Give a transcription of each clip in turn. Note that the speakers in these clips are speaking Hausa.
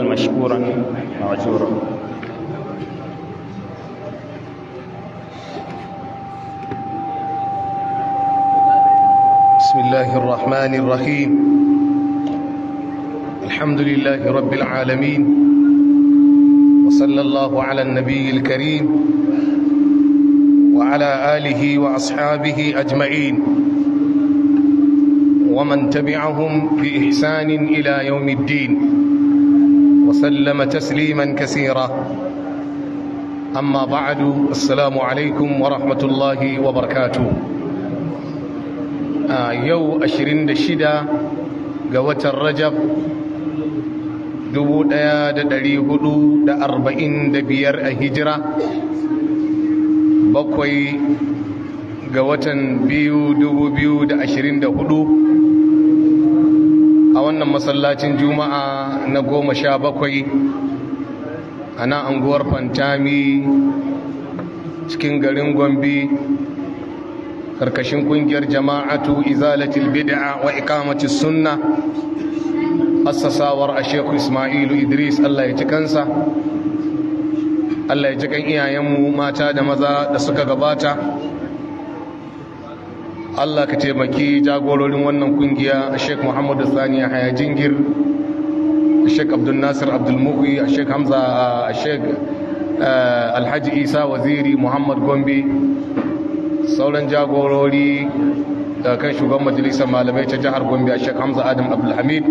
مشكورا معجورا بسم الله الرحمن الرحيم الحمد لله رب العالمين وصلى الله على النبي الكريم وعلى آله وأصحابه أجمعين ومن تبعهم بإحسان إلى يوم الدين وسلم تسليما كثيرا أما بعد السلام عليكم ورحمة الله وبركاته آه يو أشرين دشدا قوة الرجب dubu ɗaya da ɗari hudu da arba'in da biyar a hijira bakwai ga watan biyu dubu biyu da ashirin da a wannan masallacin juma'a na goma sha bakwai a nan anguwar fantami cikin garin gombe karkashin kungiyar jama'atu izalatul bid'a wa ikamati sunna assasawar a sheku ismailu idris allah ya ci kansa allah ya ci kan iyayenmu mata da maza da suka gabata allah ka taimaki jagororin wannan kungiya a sheku muhammadu sani hayajin jingir الشيخ عبد الناصر عبد المقوي الشيخ حمزة الشيخ alhaji isa waziri muhammad gombe sauran jagorori da kan shugaban majalisar malamai ta jihar gombe a shek hamza adam abdulhamid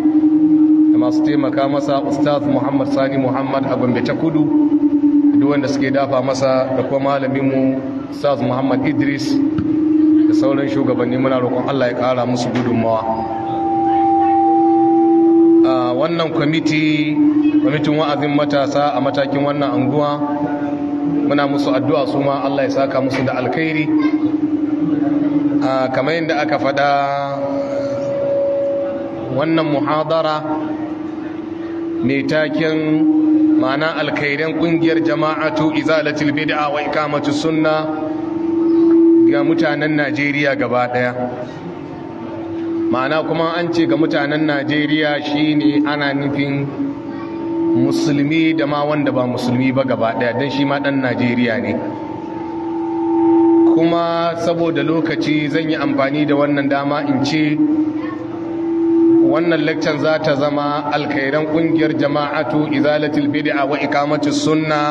da masu taimaka masa ustaz muhammad sani muhammad a gombe ta kudu duk wanda suke dafa masa da kuma malaminmu ustaz muhammad idris da sauran shugabanni muna roƙon allah ya ƙara musu gudunmawa wannan kwamiti kwamitin wa'azin matasa a matakin wannan anguwa muna musu addu'a su ma Allah ya saka musu da alkhairi kamar yadda aka faɗa wannan muhadara mai taken ma'ana alkhairan ƙungiyar jama'atu izalatul bid'a wa ikamatu sunna ga mutanen Najeriya gaba ɗaya ma'ana kuma an ce ga mutanen najeriya shine ana nufin musulmi da ma wanda ba musulmi ba gaba daya don shi ma dan najeriya ne kuma saboda lokaci zan yi amfani da wannan dama in ce wannan lecture za ta zama alkhairan kungiyar jama'atu izalatul bid'a wa ikamatus sunna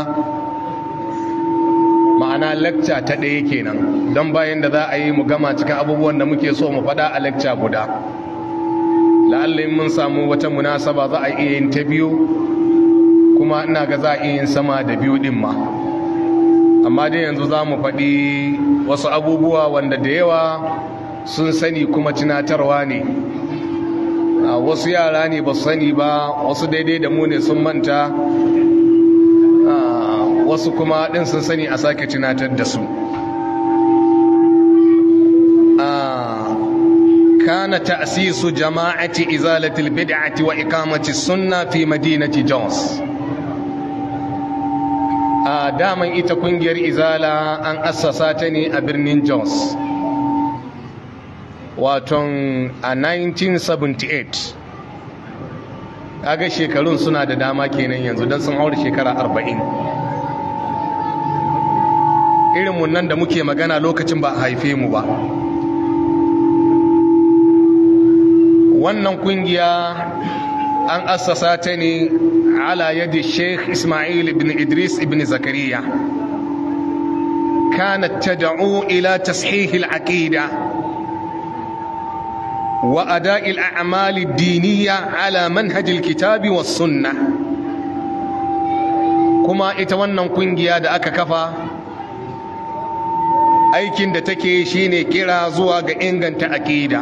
ma'ana lecture ta ɗaya kenan don bayan da za a yi mu gama cikin abubuwan da muke so mu faɗa a lecture guda la'allin mun samu wata munasaba za a iya yin ta biyu kuma ina ga za a iya yin sama da biyu ɗin ma amma dai yanzu za mu faɗi wasu abubuwa wanda da yawa sun sani kuma tunatarwa ne wasu yara ne ba sani ba wasu daidai da mu ne sun manta wasu kuma ɗin sun sani a sake tunatar da su kana ta'sisu jama'ati izalatil bid'ati wa iqamati sunna fi madinati Jos. a daman ita kungiyar izala an assasa ta ne a birnin Jos. waton a 1978 kaga shekarun suna da dama kenan yanzu don sun haura shekara arba'in. Irin irinmu nan da muke magana lokacin ba a haife mu ba wannan kungiya an assasa ta ne ala yadi sheikh ismail ibn idris ibn zakariya kanat tad'u ila tashih al-aqida wa ada' al ad-diniyya ala manhaj al-kitab was-sunnah kuma ita wannan kungiya da aka kafa aikin da take shine kira zuwa ga inganta aqida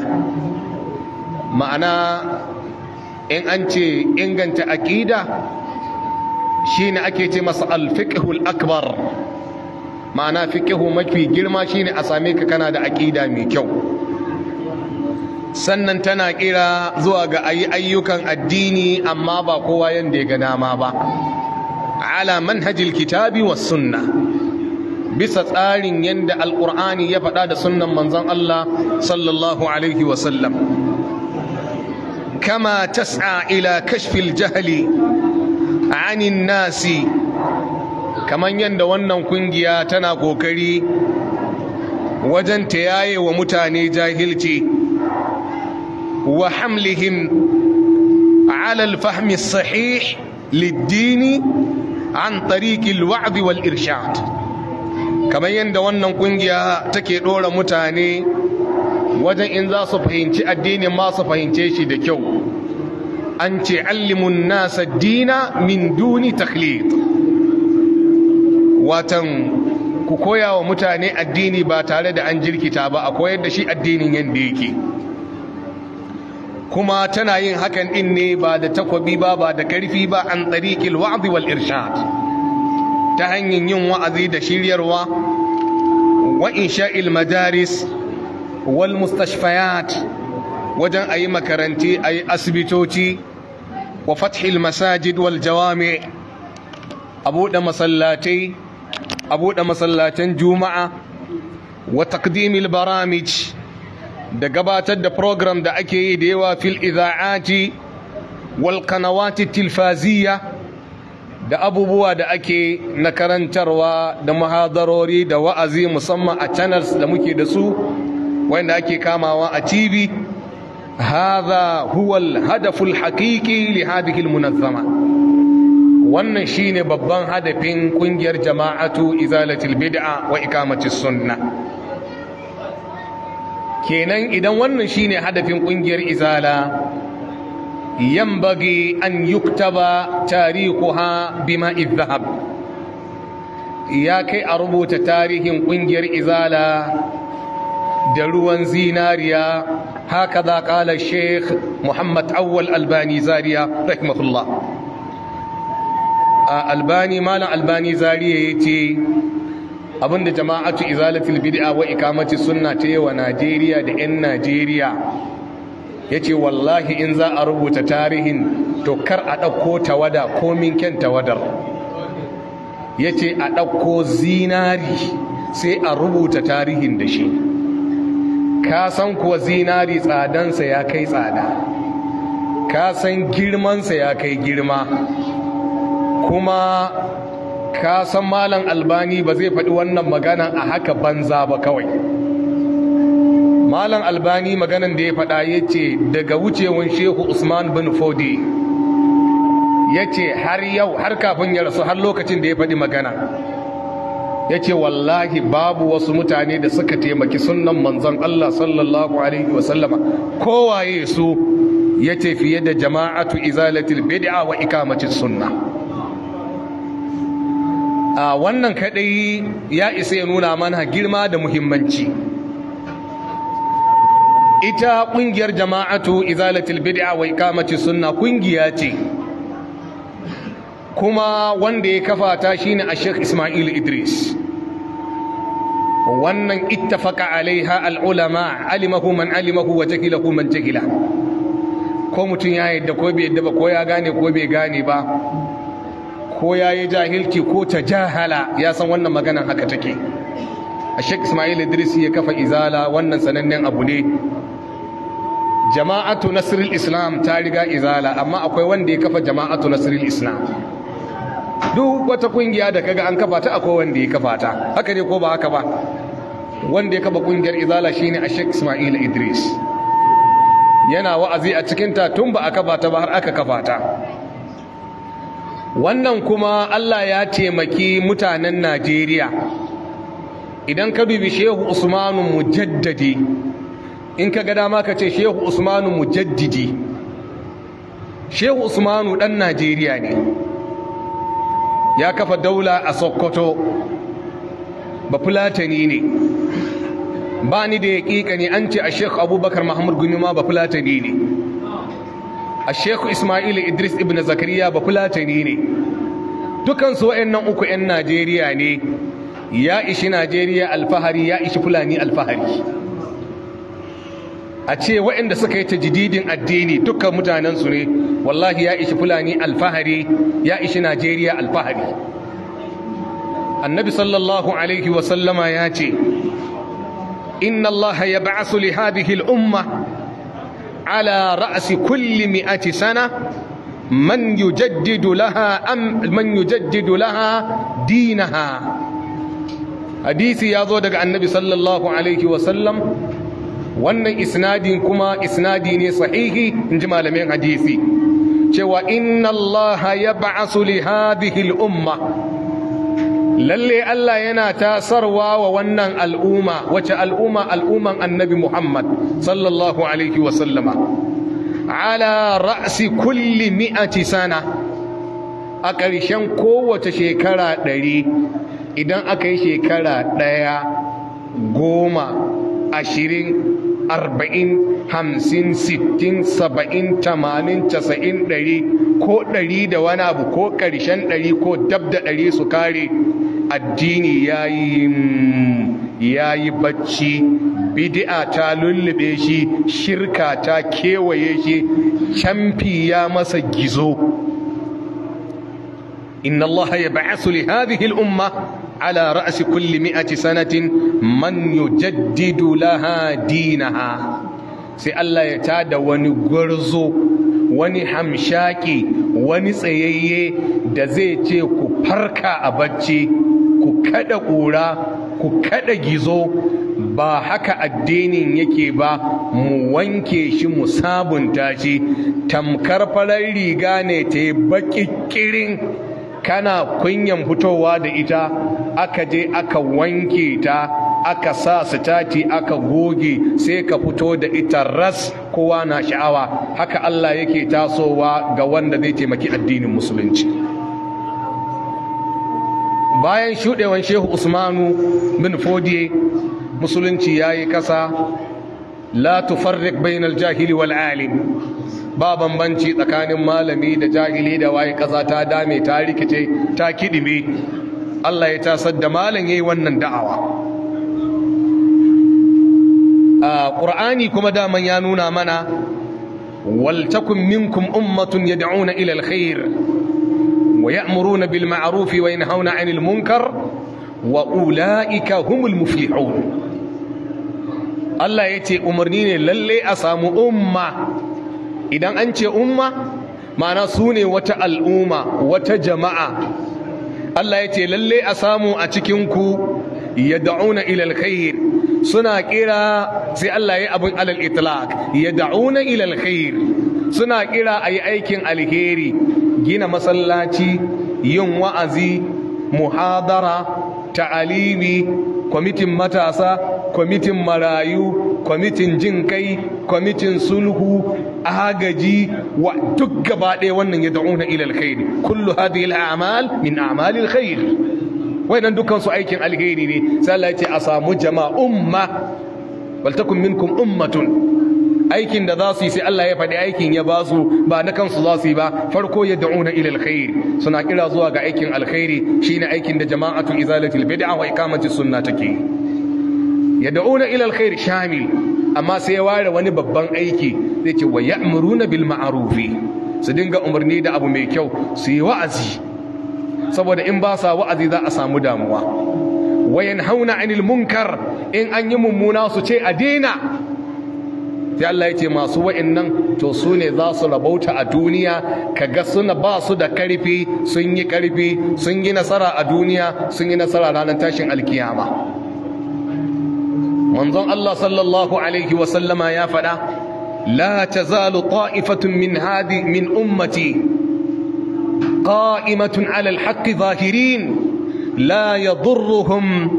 ma'ana in an ce inganta aƙida ne ake ce masa alfiqhul akbar ma'ana fiqhu mafi girma shine a same ka kana da aƙida mai kyau sannan tana kira zuwa ga ayi ayyukan addini amma ba kowa yadda ya ga dama ba ala manhajil kitabi wa sunna bisa tsarin yadda alqur'ani ya faɗa da sunnan manzon Allah sallallahu alaihi wasallam كما تسعى إلى كشف الجهل عن Nasi. kaman yadda wannan ƙungiya tana ƙoƙari, wajen ta yaye wa mutane jahilci wa hamlihim ala alfahmi sahih liddini an tariqil wa'd wal irshad kaman yadda wannan kungiya take ɗora mutane wajen in za su fahimci addinin ma su fahimce shi da kyau an ce allimun nasa dina min duni taklid watan ku koya wa mutane addini ba tare da an jirkita ba a koyar da shi addinin yadda yake kuma tana yin hakan din ne ba da takwabi ba ba da karfi ba an tsariƙil wa'azi wal irshad ta hanyar yin wa'azi da shiryarwa wa insha'il madaris wal mustashfayat wajen ayi makaranti ayi asibitoci wa fathil masajid wal jawami a buɗe masallatai a buɗe masallatan juma'a wa takdimil baramij da gabatar da program da ake yi da yawa fil iza'ati wal qanawati tilfaziyya da abubuwa da ake na karantarwa da muhadarori da wa'azi musamman a channels da muke da su wanda ake kamawa a cibi haza huwal hadaful haqiqi li hadhihi al-munazzama wannan shine babban hadafin kungiyar jama'atu izalatul bid'a wa iqamatis kenan idan wannan shine hadafin kungiyar izala yambagi an yuktaba tarihuha bima idhahab ya kai a rubuta tarihin kungiyar izala da ruwan zinariya haka za ƙala sheikh muhammad awwal albani zariya rahimahullah a albani malam albani zariya ya ce abinda jama'atu izalatul bid'a wa ikamati sunna ta yawa najeriya da 'yan najeriya ya ce wallahi in za a rubuta tarihin to kar a ɗauko tawada ko kyan tawadar ya ce a ɗauko zinari sai a rubuta tarihin da shi ka san kuwa zinari tsadansa ya kai tsada ka san girmansa ya kai girma kuma ka san malam albani ba zai faɗi wannan magana a haka banza ba kawai malam albani maganan da ya faɗa ya ce daga wucewan shehu usman bin fodi ya ce har yau har kafin ya rasu har lokacin da ya faɗi magana ya ce wallahi babu wasu mutane da suka taimaki sunan manzon Allah sallallahu alaihi wasallama kowaye su ya ce fiye da jama'atu Izalatul bid'a wa ikamacin sunna a wannan kadai ya isa ya nuna mana girma da muhimmanci ita kungiyar jama'atu Izalatul bid'a wa ikamacin sunna kungiya ce kuma wanda ya kafa ta shine Sheikh Ismail Idris wannan ittafaka alaiha alulama ulama alimahu man alimahu wa ku man jahila ko mutum ya yadda ko bai yadda ba ko ya gane ko bai gane ba ko ya yi jahilki ko ta jahala ya san wannan maganan haka take a sheik ismail idris ya kafa izala wannan sanannen abu ne jama'atu nasiril islam ta riga izala amma akwai wanda ya kafa jama'atu nasiril islam duk wata kungiya da kaga an kafa ta akwai wanda ya kafa ta haka ne ko ba haka ba wanda ya kafa kungiyar izala shine a Sheikh Ismail Idris yana wa'azi a cikin ta tun ba a kafa ba har aka kafa ta wannan kuma Allah ya taimaki mutanen Najeriya idan ka dubi Shehu Usmanu Mujaddadi in ka ga dama ka ce Shehu Usmanu Mujaddidi Shehu Usmanu dan Najeriya ne ya kafa daula a sokoto ba fulatani ne ba ni da yaƙiƙa ne an ce a sheikh abubakar muhammad gunuma ba fulatani ne a sheikh ismail idris ibn zakariya ba fulatani ne dukansu waɗannan uku 'yan najeriya ne ya ishi najeriya alfahari ya ishi fulani alfahari a ce waɗanda suka yi tajididin addini dukkan mutanensu ne wallahi ya ishi fulani alfahari ya ishi najeriya alfahari annabi sallallahu alaihi wasallama ya ce inna allaha ya ba'asu li hadhihi umma ala ra'asi kulli mi'ati sana man yujaddidu laha am man yujaddidu laha dinaha hadisi ya zo daga annabi sallallahu alaihi wasallam wannan isnadin kuma isnadi ne sahihi in ji malamin hadisi cewa inna allaha ya ba'asu li hadhihi al'umma lalle Allah yana tasarwa wa wannan al'umma wace al'umma al'umman annabi Muhammad sallallahu alaihi wa sallama ala ra'si kulli mi'ati sana a ƙarshen kowace shekara ɗari idan aka yi shekara ɗaya goma ashirin arba'in hamsin sittin saba'in tamanin casa'in ɗari ko ɗari da wani abu ko ƙarshen ɗari ko dab da ɗari su kare addini ya yi bacci bidi'a ta lullube shi shirka ta kewaye shi camfi ya masa gizo inna allaha ya ba'asu li hadhihi al-umma ala ra'asi kulli mi'ati sanatin man yujaddidu laha dinaha sai Allah ya tada wani gurzo, wani hamshaki wani tsayayye da zai ce ku farka a bacci ku kada kura ku kada gizo ba haka addinin yake ba mu wanke shi mu sabunta shi tamkar farar riga ne ta yi bakikirin kana kunyan fitowa da ita aka je aka wanke ta aka sa sitati aka goge sai ka fito da ita ras kowa na sha'awa haka Allah yake tasowa ga wanda zai taimaki addinin musulunci bayan shudewan shehu usmanu bin fodiye musulunci ya yi kasa la tufarrik bainal jahili wal alim ba bambanci tsakanin malami da jahili da waye kasa ta dame ta rikice ta kidime Allah ya tasar da malam yayi wannan da'awa a ƙur'ani kuma daman ya nuna mana waltakun minkum ummatun yad'una ila alkhair wa ya'muruna bil ma'ruf wa yanhauna 'anil munkar wa ulaika humul muflihun Allah yace umarni ne lalle a samu umma idan an ce umma ma'ana sune wata al'umma wata jama'a Allah ya ce lalle a samu a cikinku ya da'una ilal khair suna kira sai Allah ya yi abin alal itlaq ya da'una ilal khair suna kira a yi aikin alheri gina masallaci yin wa'azi muhadara ta'alimi kwamitin matasa kwamitin marayu kwamitin jin kai kwamitin sulhu agaji wa duk gaba ɗaya wannan ya da'una ilal khairi. kullu hadhihi al'amal min a'malil khair wayannan dukkan su aikin alkhairi ne sai Allah ya ce a samu jama'a umma wal takum minkum ummatun aikin da za su yi sai Allah ya faɗi aikin ya ba su ba na kansu za su yi ba farko ya da'una ilal alkhairi suna kira zuwa ga aikin alkhairi shine aikin da jama'atu izalatil bid'a wa iqamati sunna take ya da'una ilal alkhairi shamil amma sai ya ware wani babban aiki sai ce wa ya'muruna bil ma'arufi su dinga umarni da abu mai kyau su yi wa'azi saboda in ba sa wa'azi za a samu damuwa wa yanhauna 'anil munkar in an yi mummuna su ce a dina. sai Allah ya ce masu wa'annan to su ne za su rabauta a duniya kaga suna ba su da karfi sun yi karfi sun yi nasara a duniya sun yi nasara ranar tashin alkiyama manzon Allah sallallahu alaihi wasallama ya faɗa لا تزال طائفة من هذه من أمتي قائمة على الحق ظاهرين لا يضرهم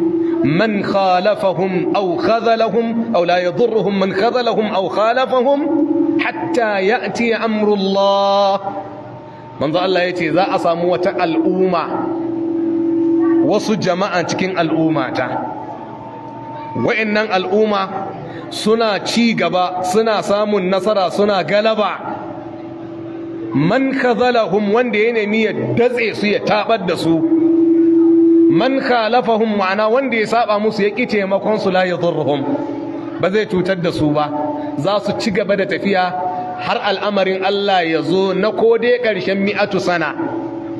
من خالفهم أو خذلهم أو لا يضرهم من خذلهم أو خالفهم حتى يأتي أمر الله من ظل ya ce ذا a samu wata al'umma wasu jama'a cikin al'umma suna ci gaba suna samun nasara suna galaba man khazalahum wanda ya nemi ya datse su ya tabar da su man khalafahum ma'ana wanda ya saba musu ya ki taimakon su la yadhurruhum ba zai cutar da su ba za su ci gaba da tafiya har al'amarin Allah ya zo na ko dai ƙarshen mi'atu sana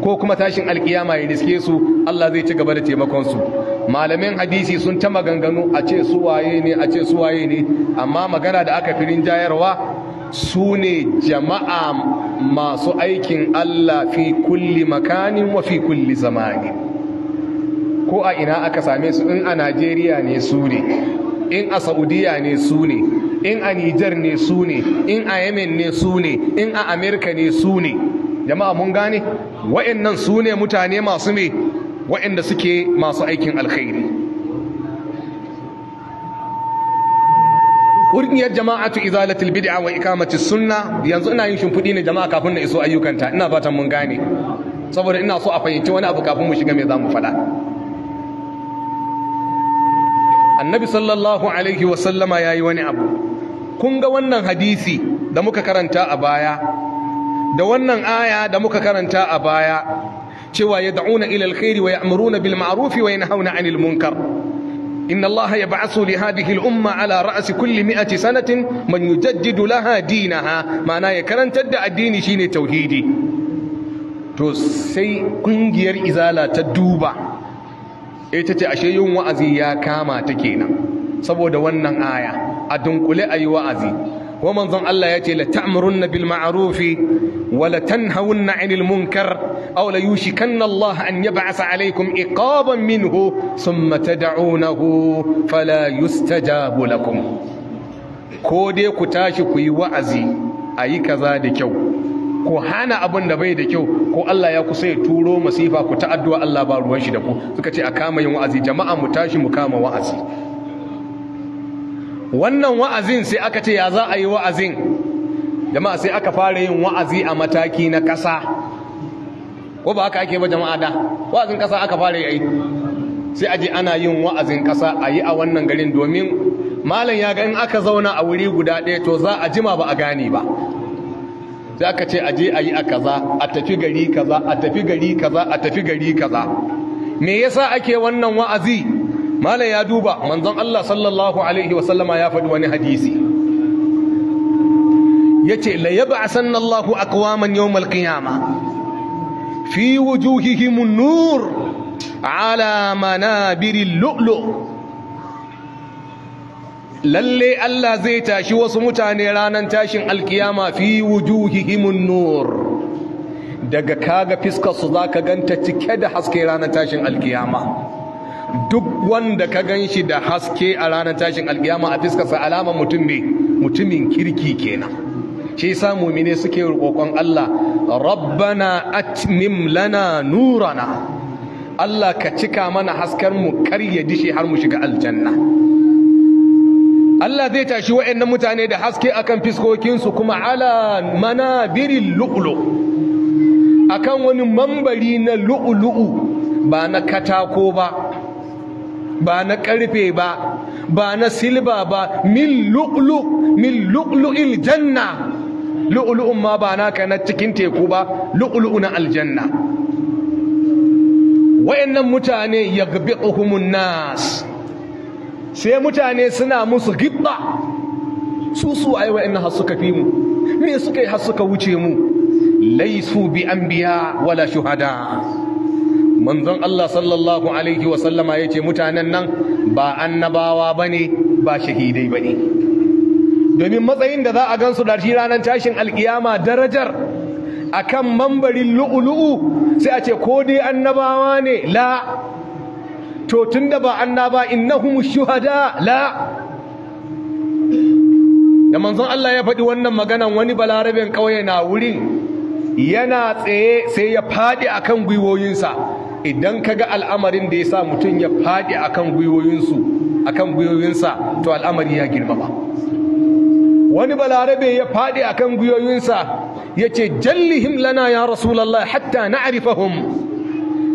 ko kuma tashin alƙiyama ya riske su Allah zai ci gaba da taimakon su malamin hadisi sun ta maganganu a ce suwaye ne a ce suwaye ne amma magana da aka firin jayarwa su ne jama'a masu aikin Allah fi kulli makanin wa fi kulli zamani ko a ina aka same su in a Najeriya ne su ne in a Saudiya ne su ne in a Nijar ne su ne in a Yemen ne su ne in a Amerika ne su ne jama'a mun gane wa'annan su ne mutane masu mai. waɗanda suke masu aikin alkhairi ƙungiyar jama'atu izalatul bid'a wa ikamati sunna yanzu ina yin shimfiɗi ne jama'a kafin na iso ayyukanta ina fatan mun gane saboda ina so a fahimci wani abu kafin mu shiga mai zamu faɗa annabi sallallahu alaihi wasallama ya yi wani abu kun ga wannan hadisi da muka karanta a baya da wannan aya da muka karanta a baya cewa yad'una ila alkhairi wa ya'muruna bil ma'ruf wa yanhauna 'anil munkar inna allaha yab'athu li hadhihi al umma ala ra's kulli mi'ati sanatin man yujaddidu laha dinaha ma'ana ya karantar da addini shine tauhidi to sai kungiyar izala ta duba ita ce ashe yin wa'azi ya kama ta kenan saboda wannan aya a dunkule ayi wa'azi wa manzon Allah ya ce la ta'murunna bil ma'ruf wa la 'anil munkar aw la yushikanna Allah an yab'asa 'alaykum iqaban minhu thumma tad'unahu fala yustajabu lakum ko dai ku tashi ku yi wa'azi ayi kaza da kyau ku hana abin da bai da kyau ko Allah ya kusa ya turo masifa ku ta addu'a Allah ba ruwan shi da ku suka ce a kama yin wa'azi jama'a mu tashi mu kama wa'azi wannan wa'azin sai aka ce ya za a yi wa'azin jama'a sai aka fara yin wa'azi a mataki na ƙasa ko ba haka ake ba jama'a da wa'azin ƙasa aka fara yi sai aji ana yin wa'azin ƙasa a yi a wannan garin domin malam ya ga in aka zauna a wuri guda ɗaya to za a jima ba a gane ba sai aka ce aje a yi a kaza a tafi gari kaza a tafi gari kaza a tafi gari kaza me yasa ake wannan wa'azi malam ya duba manzon Allah sallallahu alaihi wasallama ya faɗi wani hadisi yace la yab'asanna Allahu aqwaman yawmal qiyamah في وجوههم النور على منابر اللؤلؤ lalle Allah zai tashi wasu mutane ranar tashin alkiyama fi wujuhihimun nur daga kaga fiskar su zaka ganta cike da haske ranar tashin alkiyama duk wanda ka gan shi da haske a ranar tashin alkiyama a fiskarsa alama mutum ne mutumin kirki kenan shi yasa mu'mine suke roƙon Allah rabbana atmim lana nurana Allah ka cika mana hasken mu karye dishe har mu shiga aljanna Allah zai tashi wa'annan mutane da haske akan fiskokinsu kuma ala manabirin lu'lu akan wani mambari na lu'lu'u ba na katako ba ba na karfe ba ba na silba ba min lu'lu min lu'lu'il janna lu'lu'un ma ba na na cikin teku ba lu'lu'u na aljanna wayannan mutane yagbiquhumun nas sai mutane suna musu gibba su su ai wayannan har suka fi mu me suka yi har suka wuce mu laisu bi anbiya wala shuhada manzon Allah sallallahu alaihi wa sallama yace mutanen nan ba annabawa ne ba shahidai ne. domin matsayin da za a gansu da shi ranar tashin alkiyama darajar akan mambarin lu'ulu'u sai a ce ko dai annabawa ne la to da ba annaba innahum shuhada la da manzon Allah ya faɗi wannan maganan wani balarabin ƙauye na wurin yana tsaye sai ya faɗi akan gwiwoyinsa idan ka ga al'amarin da ya sa mutum ya faɗi kan gwiwoyinsu kan gwiwoyinsa to al'amari ya girma ba. wani balarabe ya faɗi kan gwiwoyinsa yace jallihim lana ya Rasulallah hatta na arifahun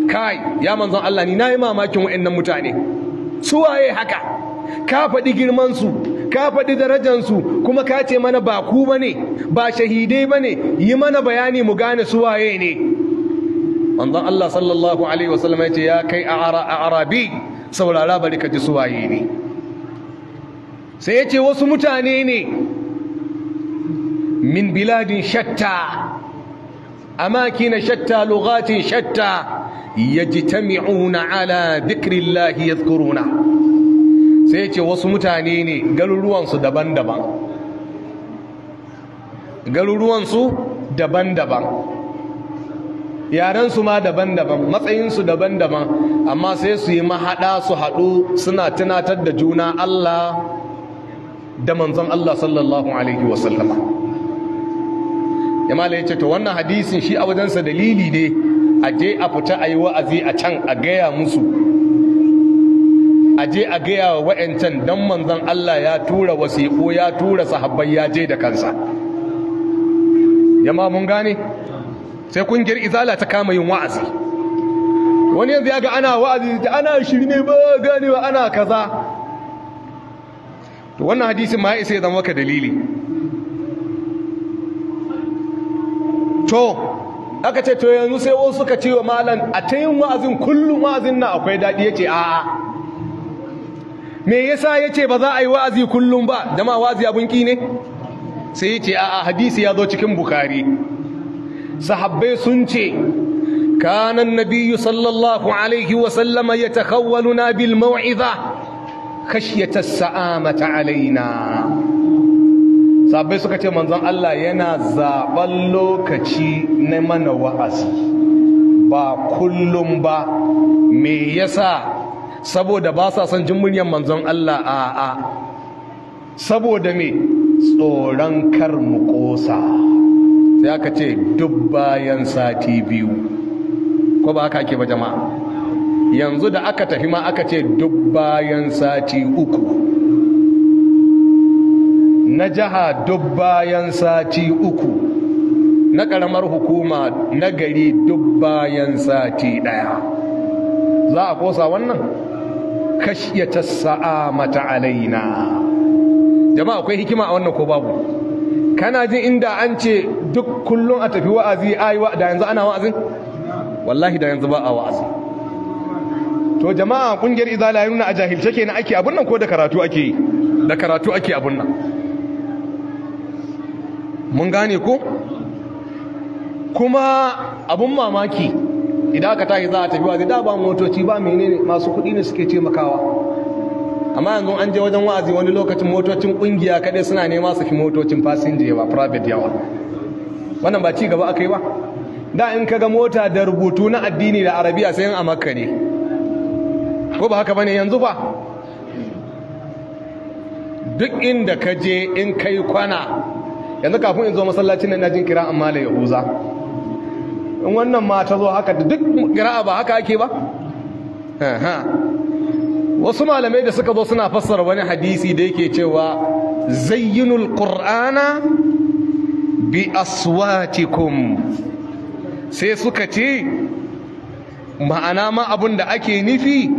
kai ya manzon Allah ni na yi mamakin wayannan mutane su haka ka faɗi girmansu, ka faɗi darajansu, kuma ka ce mana ba ku ne ba shahidai bane yi mana bayani mu gane su waye ne manzon Allah sallallahu alaihi wasallam ya ya kai a arabi saurara bari ka ji suwaye ne sai ya wasu mutane ne min biladin shatta amakin shatta lugatin shatta yajtami'una ala dhikrillahi yadhkuruna sai ya ce wasu mutane ne garuruwansu daban-daban garuruwansu daban-daban Yaren su ma daban-daban matsayinsu daban-daban amma sai su yi mahaɗa su haɗu suna tunatar da juna Allah da manzon Allah sallallahu alaihi wasallama yamala ya ce to wannan hadisin shi a wajensa dalili ne a je a fita a yi wa'azi a can a gaya musu a je a gaya wa wa'ancan, don manzon Allah ya tura wasiƙo ya tura sahabbai ya je da kansa yamma mun gane sai kungiyar izala ta kama yin wa'azi wani yanzu ya ga ana wa'azi da ana shirme ba wa ana kaza to wannan hadisin ma ya isa ya zama ka dalili to aka ce to yanzu sai wasu suka ce wa malam a ta yin wa'azin kullum wa'azin na akwai daɗi ya ce a'a me yasa ya ce ba za a yi wa'azi kullum ba jama wa'azi abin ƙi ne sai ya ce a'a hadisi ya zo cikin bukari sahabbai sun ce kanan annabiyyu sallallahu alaihi wa sallama yatakhawwaluna bil maw'iza khashyata sa'amata alaina sahabbai suka ce manzon Allah yana zaban lokaci na mana wa'azi ba kullum ba me yasa saboda ba sa son jin muryar manzon Allah a a saboda me tsoron kar mu kosa sai aka ce duk bayan sati biyu ko ba haka ake ba jama'a yanzu da aka tafi ma aka ce duk bayan sati uku na jiha duk bayan sati uku na ƙaramar hukuma na gari duk bayan sati ɗaya za a kosa wannan kashiyata sa'a mata alaina jama'a akwai hikima a wannan ko babu kana jin inda an ce duk kullum a tafi wa'azi ai wa da yanzu ana wa'azi? wallahi da yanzu ba a wa'azi to jama'a kungiyar izala yana a jahilce kenan ake abun nan ko da karatu ake da karatu ake abun nan mun gane ko kuma abun mamaki idan aka tashi za a tafi wa'azi da ba motoci ba menene masu kuɗi ne suke taimakawa amma yanzu an je wajen wa'azi wani lokacin motocin kungiya kaɗai suna nema su fi motocin fasinjiya ba private yawa wannan ba ci gaba aka yi ba da in kaga mota da rubutu na addini da arabiya sai a makka ne ko ba haka bane yanzu fa duk inda ka je in kai kwana yanzu kafin in zo masallacin nan najin kira amma la yahuza in wannan ma ta zo haka duk kira'a ba haka ake ba wasu malamai da suka zo suna fassara wani hadisi da yake cewa zayyinul qur'ana بأصواتكم سيسكتي معنا ما أبن دا أكيني في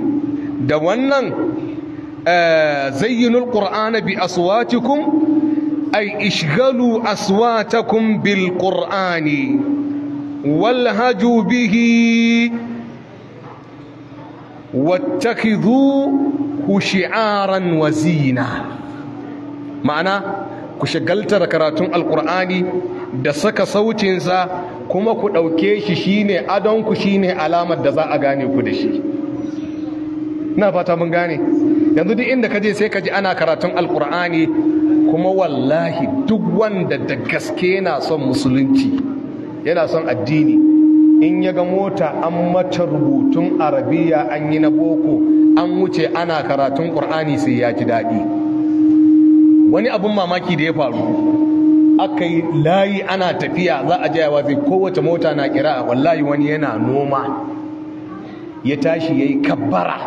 دا ونن آه زين القرآن بأصواتكم أي اشغلوا أصواتكم بالقرآن والهجوا به واتخذوا شعارا وزينا معنى ku shagaltar da karatun alkur'ani da saka sautinsa kuma ku ɗauke shi shine adonku shine alamar da za a gane ku da shi na fata mun gane yanzu duk inda kaje sai kaji ana karatun alkur'ani kuma wallahi duk wanda da gaske yana son musulunci yana son addini in ya ga mota an mata rubutun arabiya an yi na boko an wuce ana karatun ƙur'ani sai ya ji daɗi wani abin mamaki da ya faru aka yi layi ana tafiya za a jaya wafi kowace mota na kira wallahi wani yana noma ya tashi ya yi kabbara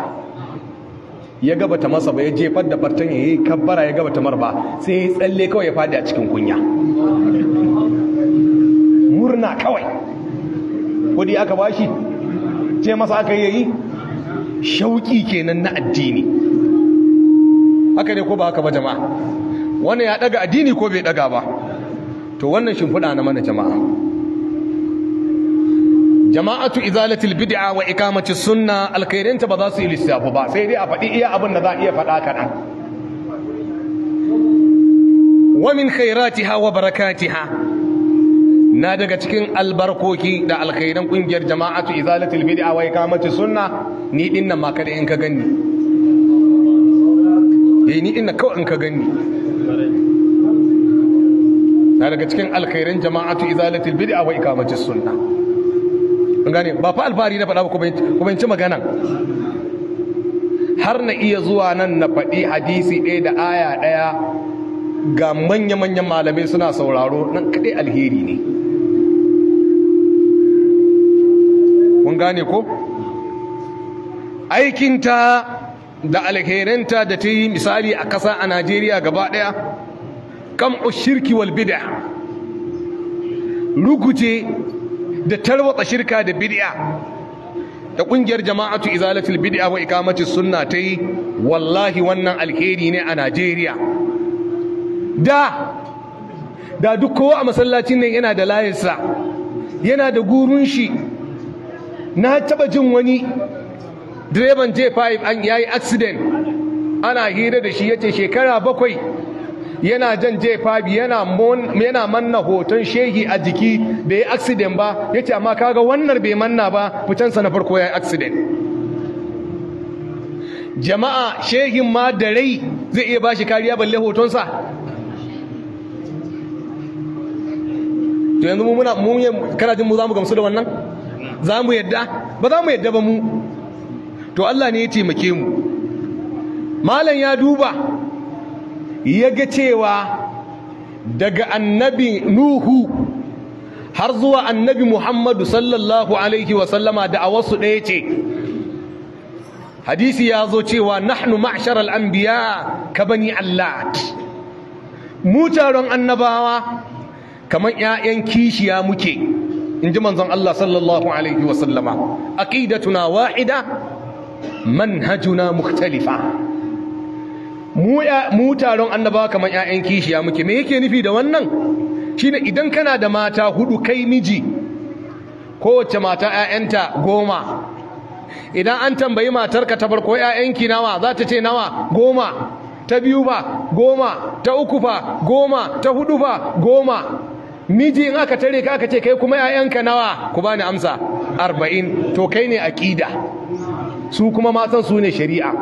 ya gabata masa ba ya jefar da fartanya ya yi kabbara ya gabata mar ba sai ya tsalle kawai ya fadi a cikin kunya murna kawai kudi aka bashi ce masa aka yi shauki kenan na addini haka ne ko ba haka ba jama'a wannan ya daga addini ko bai daga ba to wannan shimfiɗa na mana jama'a jama'atu izalatul bid'a wa ikamati sunna alkhairinta ba za su yi lissafu ba sai dai a faɗi iya abin da za a iya faɗa kaɗan wa min khairatiha wa barakatiha na daga cikin albarkoki da alkhairan kungiyar jama'atu izalatul bid'a wa ikamati sunna ni din nan ma kada in ka gani eh ni din kawai in ka gani na daga cikin alkhairin jama'atu izalatul bid'a wa ikamatis sunna kun gane ba fa alfari na faɗa ba ku bayanci magana har na iya zuwa nan na faɗi hadisi ɗaya da aya ɗaya ga manya-manyan malamai suna sauraro nan kaɗai alheri ne kun gane ko aikinta da alherinta da ta yi misali a ƙasa a najeriya gaba ɗaya kam'u shirki wal bid'a ruguje da tarwatsa shirka da bid'a da kungiyar jama'atu izalatul bid'a wa ikamatis sunna tai wallahi wannan alheri ne a Najeriya da da duk kowa a masallacin nan yana da layinsa yana da gurun shi na taba jin wani direban J5 an yayi accident ana hira da shi yace shekara bakwai yana jan jefabi yana manna hoton shehi a jiki da ya accident ba ya ce amma kaga wannan bai manna ba fitansa na farko ya yi accident jama'a shehin ma da rai zai iya ba shi kariya balle hotonsa to yanzu mu muna mu kana jin mu zamu gamsu da wannan zamu yadda ba za mu yadda ba mu to Allah ne ya taimake mu malam ya duba ya ga cewa daga annabi nuhu har zuwa annabi muhammadu sallallahu alaihi wasallama da a wasu ɗaya ce hadisi ya zo cewa nahnu ma'ashar al'ambiya ka bani allah. mu taron annabawa kamar 'ya'yan kishiya muke in ji manzon Allah sallallahu alaihi wasallama aqidatuna wa'ida manhajuna mukhtalifa mu taron annabawa kamar 'ya'yan kishiya muke me yake nufi da wannan shine idan kana da mata hudu kai miji kowace mata 'ya'yanta goma idan an tambayi matarka ta farko 'ya'yanki nawa za ta ce nawa goma ta biyu ba goma ta uku ba? goma ta hudu ba? goma miji in aka tare ka aka ce kai kuma 'ya'yanka nawa ku bani amsa arba'in to kai ne aƙida su kuma matan su ne shari'a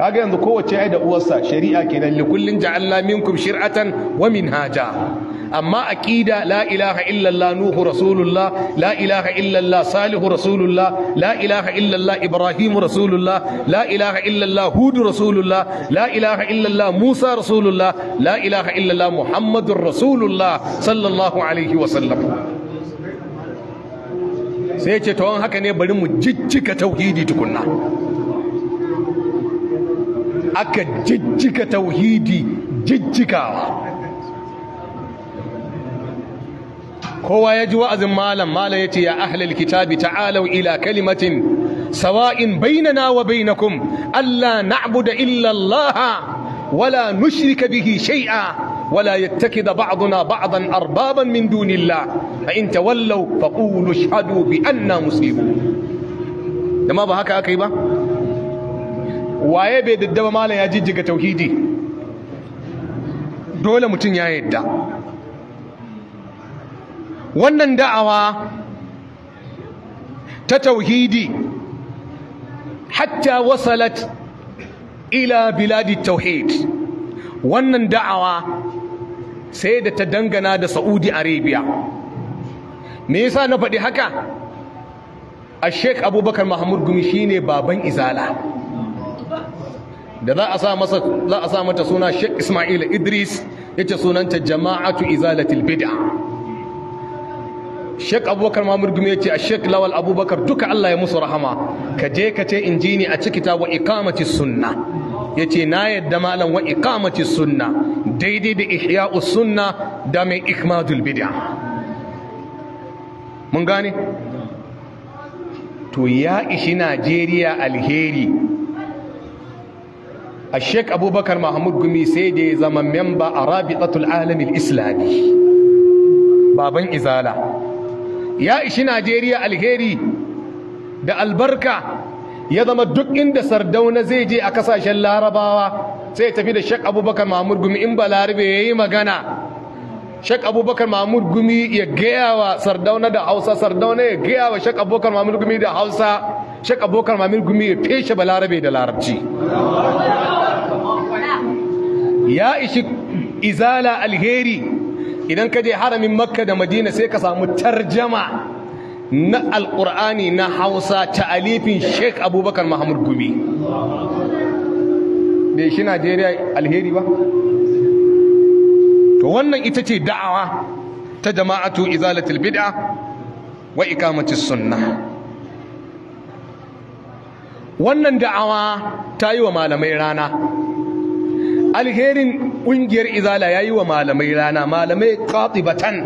kaga yanzu kowace ai da uwarsa shari'a kenan li kullin ja'alna minkum shir'atan wa minhaja amma aqida la ilaha illallah nuhu rasulullah la ilaha illallah salihu rasulullah la ilaha illallah ibrahim rasulullah la ilaha illallah hud rasulullah la ilaha illallah musa rasulullah la ilaha illallah muhammadur rasulullah sallallahu alaihi wa sallam sai ce tawon haka ne bari mu jijjika tauhidi tukunna aka jijjika tauhidi jijjigawa kowa yaji wa'azin malam malam yace ya ahlul kitabi ta'alu ila kalimatin sawa'in bainana wa bainakum alla na'budu illa Allah wala nushrika bihi shay'a wala yattakida ba'duna ba'dan arbaban min dunillah fa in tawallaw faqulu ashhadu bi anna muslimun dama ba haka akai ba waye bai daddaba malam ya jijjiga tauhidi dole mutum ya yadda wannan da'awa ta tauhidi hatta wasalat ila biladi tauhid wannan da'awa sai da ta dangana da saudi arabia me yasa na faɗi haka a sheik abubakar mahmud gumi shine baban izala da za a sa masa za a sa mata suna Sheikh Ismail Idris yace sunanta Jama'atu Izalatil Bid'a Sheikh Abubakar Mahmud Gumi yace Sheikh Lawal Abubakar duka Allah ya musu rahama ka je ka ce injini a ciki ta wa iqamati sunna yace na yadda malam wa iqamati sunna daidai da ihya'u sunna da mai ikmadul bid'a mun gane to ya ishi Najeriya alheri a sheik abubakar mahmud gumi sai da ya zama memba a rabitatul alamil islami baban izala ya ishi najeriya alheri da albarka ya zama duk inda sardauna zai je a kasashen larabawa sai ya tafi da shek abubakar mahmud gumi in ba larabe ya yi magana shek abubakar mahmud gumi ya gaya wa sardauna da hausa sardauna ya gaya wa shek abubakar mahmud gumi da hausa shek abubakar mahmud gumi ya feshe ba larabe da larabci ya ishi izala alheri idan ka je haramin makka da madina sai ka samu tarjama na alƙur'ani na hausa ta alifin sheik abubakar mahamud gumi da shi najeriya alheri ba to wannan ita ce da'awa ta jama'atu izalatul bid'a wa ikamatis sunna wannan da'awa ta yi wa malamai rana alherin ƙungiyar izala ya yi wa malamai rana malamai katibatan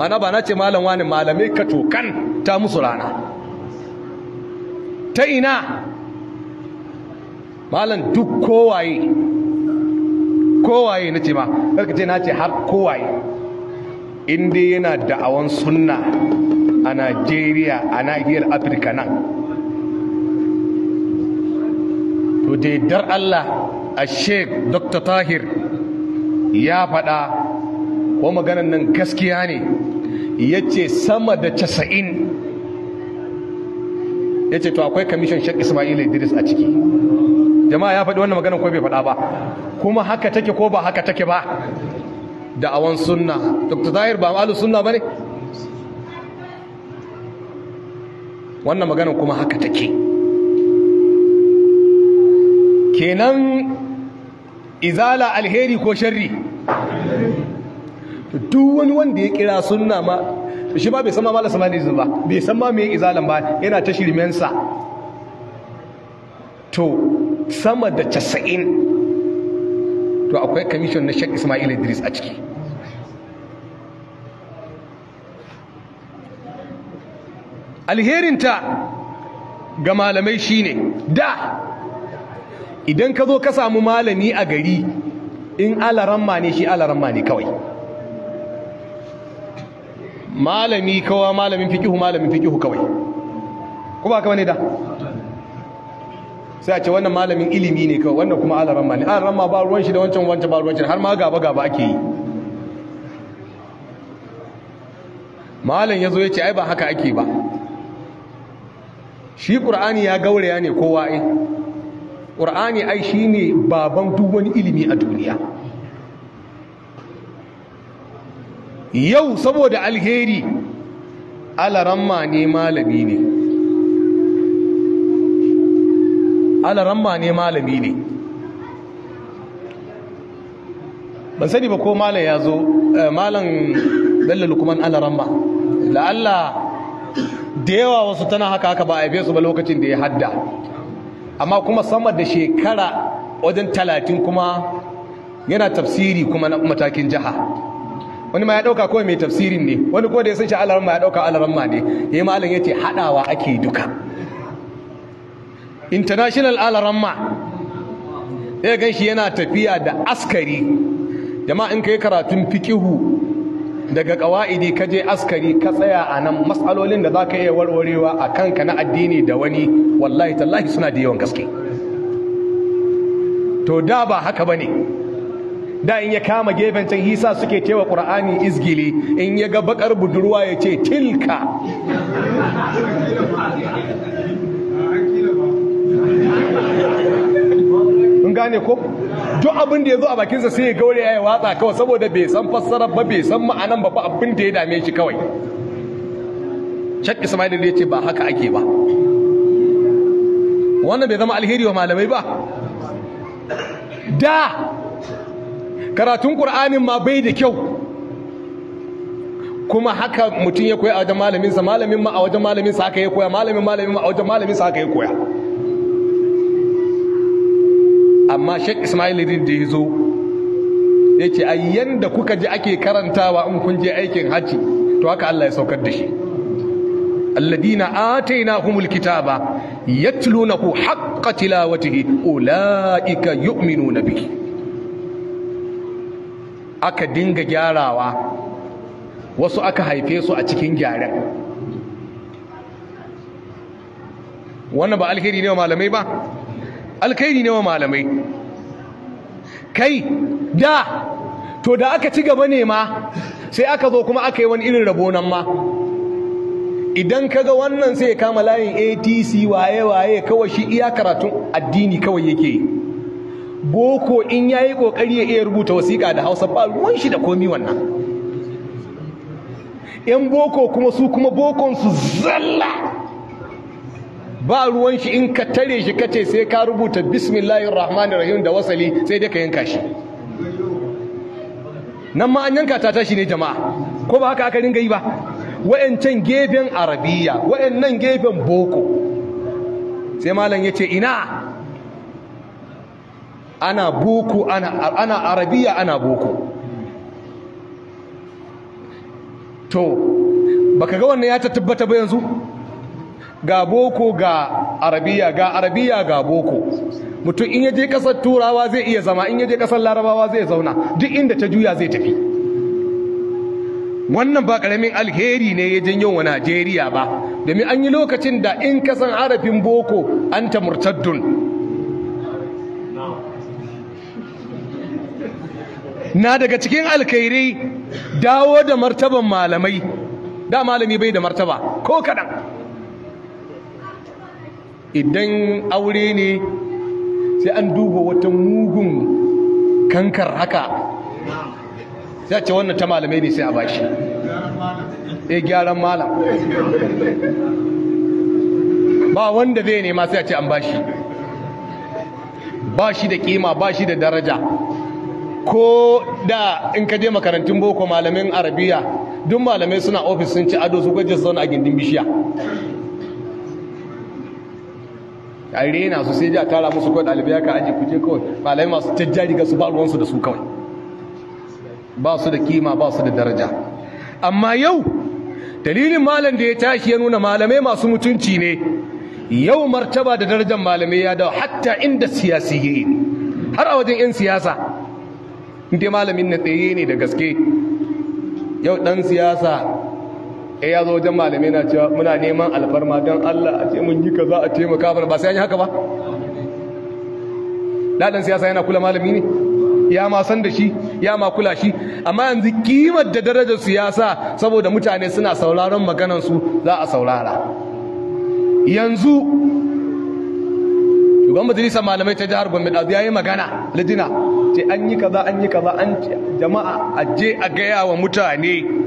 ana ba na ce malam wani malamai katokan ta musu rana ta ina malam duk kowaye kowaye na ce ma ƙarƙa ce na ce har kowaye inda yana da'awan sunna a najeriya a nahiyar afirka nan to dar allah a sheik dr tahir ya faɗa ko maganan nan gaskiya ne ya ce sama da casa'in ya ce to akwai kamishin shek ismail idris a ciki jama'a ya faɗi wannan maganan ko bai faɗa ba kuma haka take ko ba haka take ba da'awan sunna dr tahir ba alu sunna ba ne wannan maganan kuma haka take kenan izala alheri ko sharri duk wani wanda ya kira sunna ma shi ba bai san ma mala ba bai san ma mai izalan ba yana ta shirmensa to sama da casa'in to akwai kamishin na shek ismail idris a ciki alherinta ga malamai shine da idan ka zo ka samu malami a gari in alaramma ne shi alaramma ne kawai malami kawa malamin fikihu malamin fikihu kawai kuma kawai ne da sai a ce wannan malamin ilimi ne kawai wannan kuma alaramma ne alaramma ba ruwan shi da wancan wancan ba ruwan shi har ma gaba gaba ake yi malam ya zo ya ce ai ba haka ake ba shi ƙur'ani ya gauraya ne kowa in eh. ƙur'ani ai shi ne baban duwani ilimi a duniya yau saboda alheri alaramma ne malami ne alaramma ne malami ne ban sani ba ko malam ya zo eh, malam bello lukuman alaramma la'alla da yawa wasu tana haka haka ba a haife su ba lokacin da ya hadda amma kuma sama da shekara wajen talatin kuma yana tafsiri kuma na matakin jiha wani ma ya dauka kawai mai tafsirin ne wani kodai ya san shi alaramma ya dauka alaramma ne ya yi malam ya ce haɗawa ake duka international alaramma ya gan shi yana tafiya da askari jama'a in ka yi karatun fikihu daga kawa'idi ka je askari ka tsaya a nan matsalolin da za ka iya warwarewa a kanka na addini da wani wallahi tallahi suna da yawan gaske to da ba haka ba ne da in ya kama gefen can hisa suke tewa ƙura'ani izgili in ya ga bakar budurwa ya ce tilka gane ko duk abin da ya zo a bakinsa sai ya gaure ya watsa kawai saboda bai san fassarar ba bai san ma'anan ba abin da ya dame shi kawai shak ismail ya ce ba haka ake ba wannan bai zama alheri wa malamai ba da karatun ƙur'anin ma bai da kyau kuma haka mutum ya koya a wajen malaminsa malamin ma a wajen malaminsa haka ya koya malamin malamin ma a wajen malaminsa haka ya koya amma shek ismail din da ya zo ya ce a yanda kuka ji ake karantawa in kun je aikin hajji to haka allah ya saukar da shi alladina atainahumul kitaba yatlunahu haqqa tilawatihi ulaika yu'minuna biki. aka dinga gyarawa wasu aka haife su a cikin gyaran wannan ba alheri ne wa malamai ba alkhairi ne wa malamai kai da to da aka ci gaba ne ma sai aka zo kuma aka yi wani irin rabo nan ma idan ga wannan sai ya kama layin ATC waye waye kawai shi iya karatun addini kawai yake boko in ya yi kokari ya iya rubuta wasiƙa da Hausa ba ruwan shi da komi wannan yan boko kuma su kuma bokon su zalla ba ruwan shi in ka tare shi kace sai ka rubuta bismillahir rahmanir rahim da wasali sai dai ka yanka shi nan ma an yanka ta tashi ne jama'a ko ba haka aka ringa yi ba wayancan gefen arabiya wayannan gefen boko sai malam yace ina ana boko ana ana arabiya ana boko to baka ga wannan ya tabbata ba yanzu ga boko ga arabiya ga arabiya ga boko mutum in yaje kasar turawa zai iya zama in yaje kasar larabawa zai zauna duk inda ta juya zai tafi wannan ba karamin alheri ne ya janyo wa najeriya ba domin an yi lokacin da in kasan arafin boko an ta murtaddun na daga cikin alheri dawo da martaban malamai da malami bai da martaba ko kadan. idan aure ne sai an duba wata mugun kankar haka sai ce wannan ta malamai ne sai a bashi e gyaran malam ba wanda zai nema sai a ce an bashi ba shi da kima ba shi da daraja ko da in ka je makarantun boko malamin arabiya duk malamai suna ofis sun ci ado su gwajin su a gindin bishiya a rena su sai ji a tara musu kawai ɗalibai ka aji kuje kawai malamai masu tajjari ga su ba ruwansu da su kawai ba su da kima ba su da daraja amma yau dalilin malam da ya tashi ya nuna malamai masu mutunci ne yau martaba da darajar malamai ya dawo hatta inda siyasi har a wajen 'yan siyasa inda malamin na tsaye ne da gaske yau ɗan siyasa E ya zo wajen malamai na cewa muna neman alfarma don Allah a ce mun yi kaza a taimaka mana ba sai an yi haka ba ɗaɗin siyasa yana kula malami ne ya ma san da shi ya ma kula shi amma yanzu kimar da darajar siyasa saboda mutane suna sauraron maganansu za a saurara yanzu shugaban majalisa malamai ta jihar Gombe da yi magana ladina ce an yi kaza an yi kaza an jama'a a je a gaya wa mutane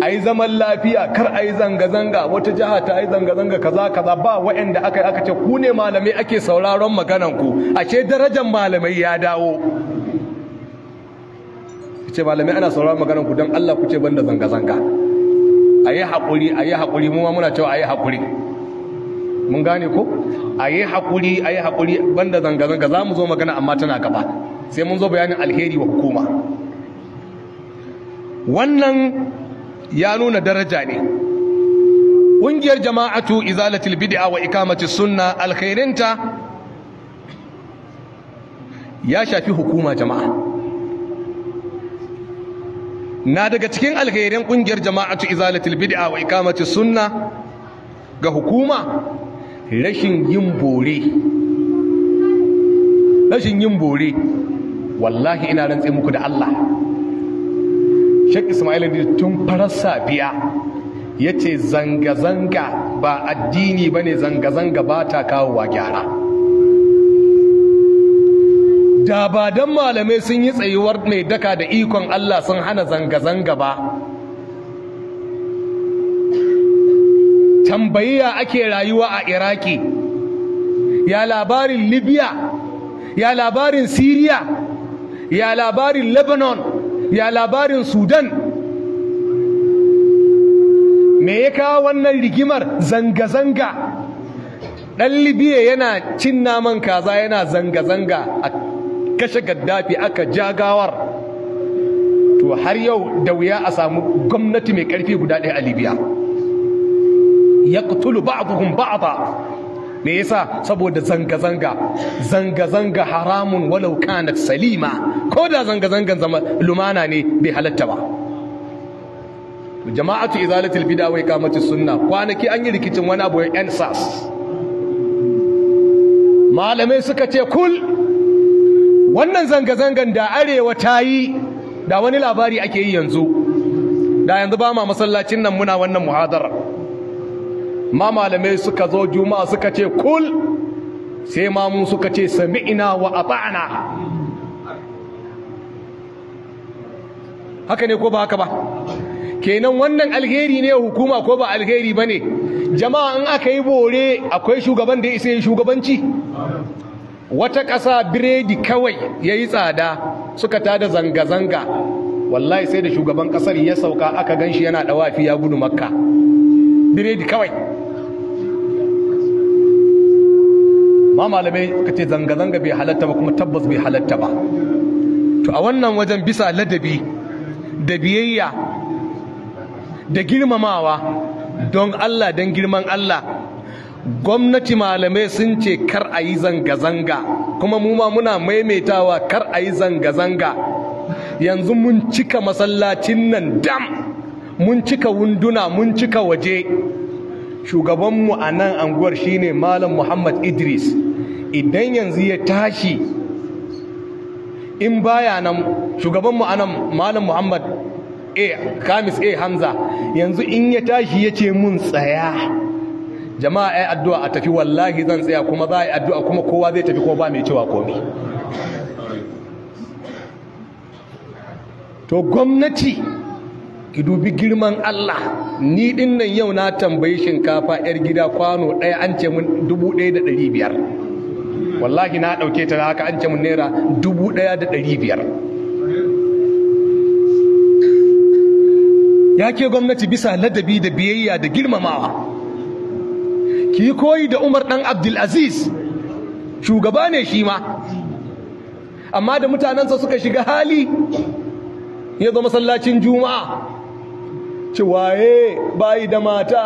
a yi zaman lafiya kar a yi zanga-zanga wata jiha ta yi zanga-zanga kaza kaza ba wa'anda aka yi aka ce ku ne malamai ake sauraron a ashe darajar malamai ya dawo ce malamai ana sauraron maganarku don Allah ku ce banda zanga-zanga a yi haƙuri a yi haƙuri mu ma muna cewa a yi haƙuri mun gane ko a yi haƙuri a yi haƙuri banda zanga-zanga za mu zo magana amma tana gaba sai mun zo bayanin alheri wa hukuma wannan ya nuna daraja ne ƙungiyar jama'atu izalatul bid'a wa ikamati sunna alkhairinta ya shafi hukuma jama'a na daga cikin alkhairin ƙungiyar jama'atu izalatul bid'a wa ikamati sunna ga hukuma rashin yin bore rashin yin bore wallahi ina rantsi muku da Allah shek ismail tun farar safiya ya ce zanga-zanga ba addini ba ne zanga-zanga ba ta kawowa gyara da ba don malamai sun yi tsayuwar mai daka da ikon allah sun hana zanga-zanga ba tambayiya ake rayuwa a iraki ya labarin libya ya labarin syria ya labarin lebanon ya labarin sudan me ya kawo wannan rigimar zanga-zanga ɗan libya yana cin naman kaza yana zanga-zanga a kashe gaddafi aka jagawar to har yau da wuya a samu gwamnati mai ƙarfi guda ɗaya a libya ya kutulu ba a a ba me yasa saboda zanga zanga zanga zanga haramun walau kanat salima ko da zanga zangan zama lumana ne bai halatta ba jama'atu izalatul bid'a wa iqamatus sunna kwanaki an yi rikicin wani abu yan sas malamai suka ce kul wannan zanga zangan da arewa ta yi da wani labari ake yi yanzu da yanzu ba ma masallacin nan muna wannan muhadara ma malamai suka zo juma'a suka ce kul sai mamu suka ce sami'ina wa ata'na haka ne ko ba haka ba kenan wannan alheri ne hukuma ko ba alheri ba ne jama'a in aka yi bore akwai shugaban da isa yi shugabanci wata ƙasa biredi kawai ya yi tsada suka tada zanga-zanga wallahi sai da shugaban ƙasar ya sauka aka gan shi yana ɗawafi ya gudu makka biredi kawai amma malamai ka ce zanga-zanga bai halatta ba kuma tabbas bai halatta ba to a wannan wajen bisa ladabi da biyayya da girmamawa don Allah don girman Allah gwamnati malamai sun ce kar a yi zanga-zanga kuma mu ma muna maimaitawa kar a yi zanga-zanga yanzu mun cika masallacin nan dam mun cika wunduna mun cika waje shugabanmu a nan anguwar shine malam muhammad idris idan yanzu ya tashi in baya nan shugaban mu anan malam muhammad a kamis a hamza yanzu in ya tashi ya ce mun tsaya jama'a ya addu'a a tafi wallahi zan tsaya kuma za a yi addu'a kuma kowa zai tafi ko ba mai cewa komi to gwamnati ki dubi girman Allah ni din nan yau na tambayi shinkafa 'yar gida kwano ɗaya an ce mun 1500 wallahi na dauke ta haka an ce mun naira biyar. ya ke gwamnati bisa ladabi da biyayya da girmamawa ki koyi da Umar dan Abdulaziz shugaba ne shi ma amma da mutanensa suka shiga hali ya zo masallacin juma'a ce waye bayi da mata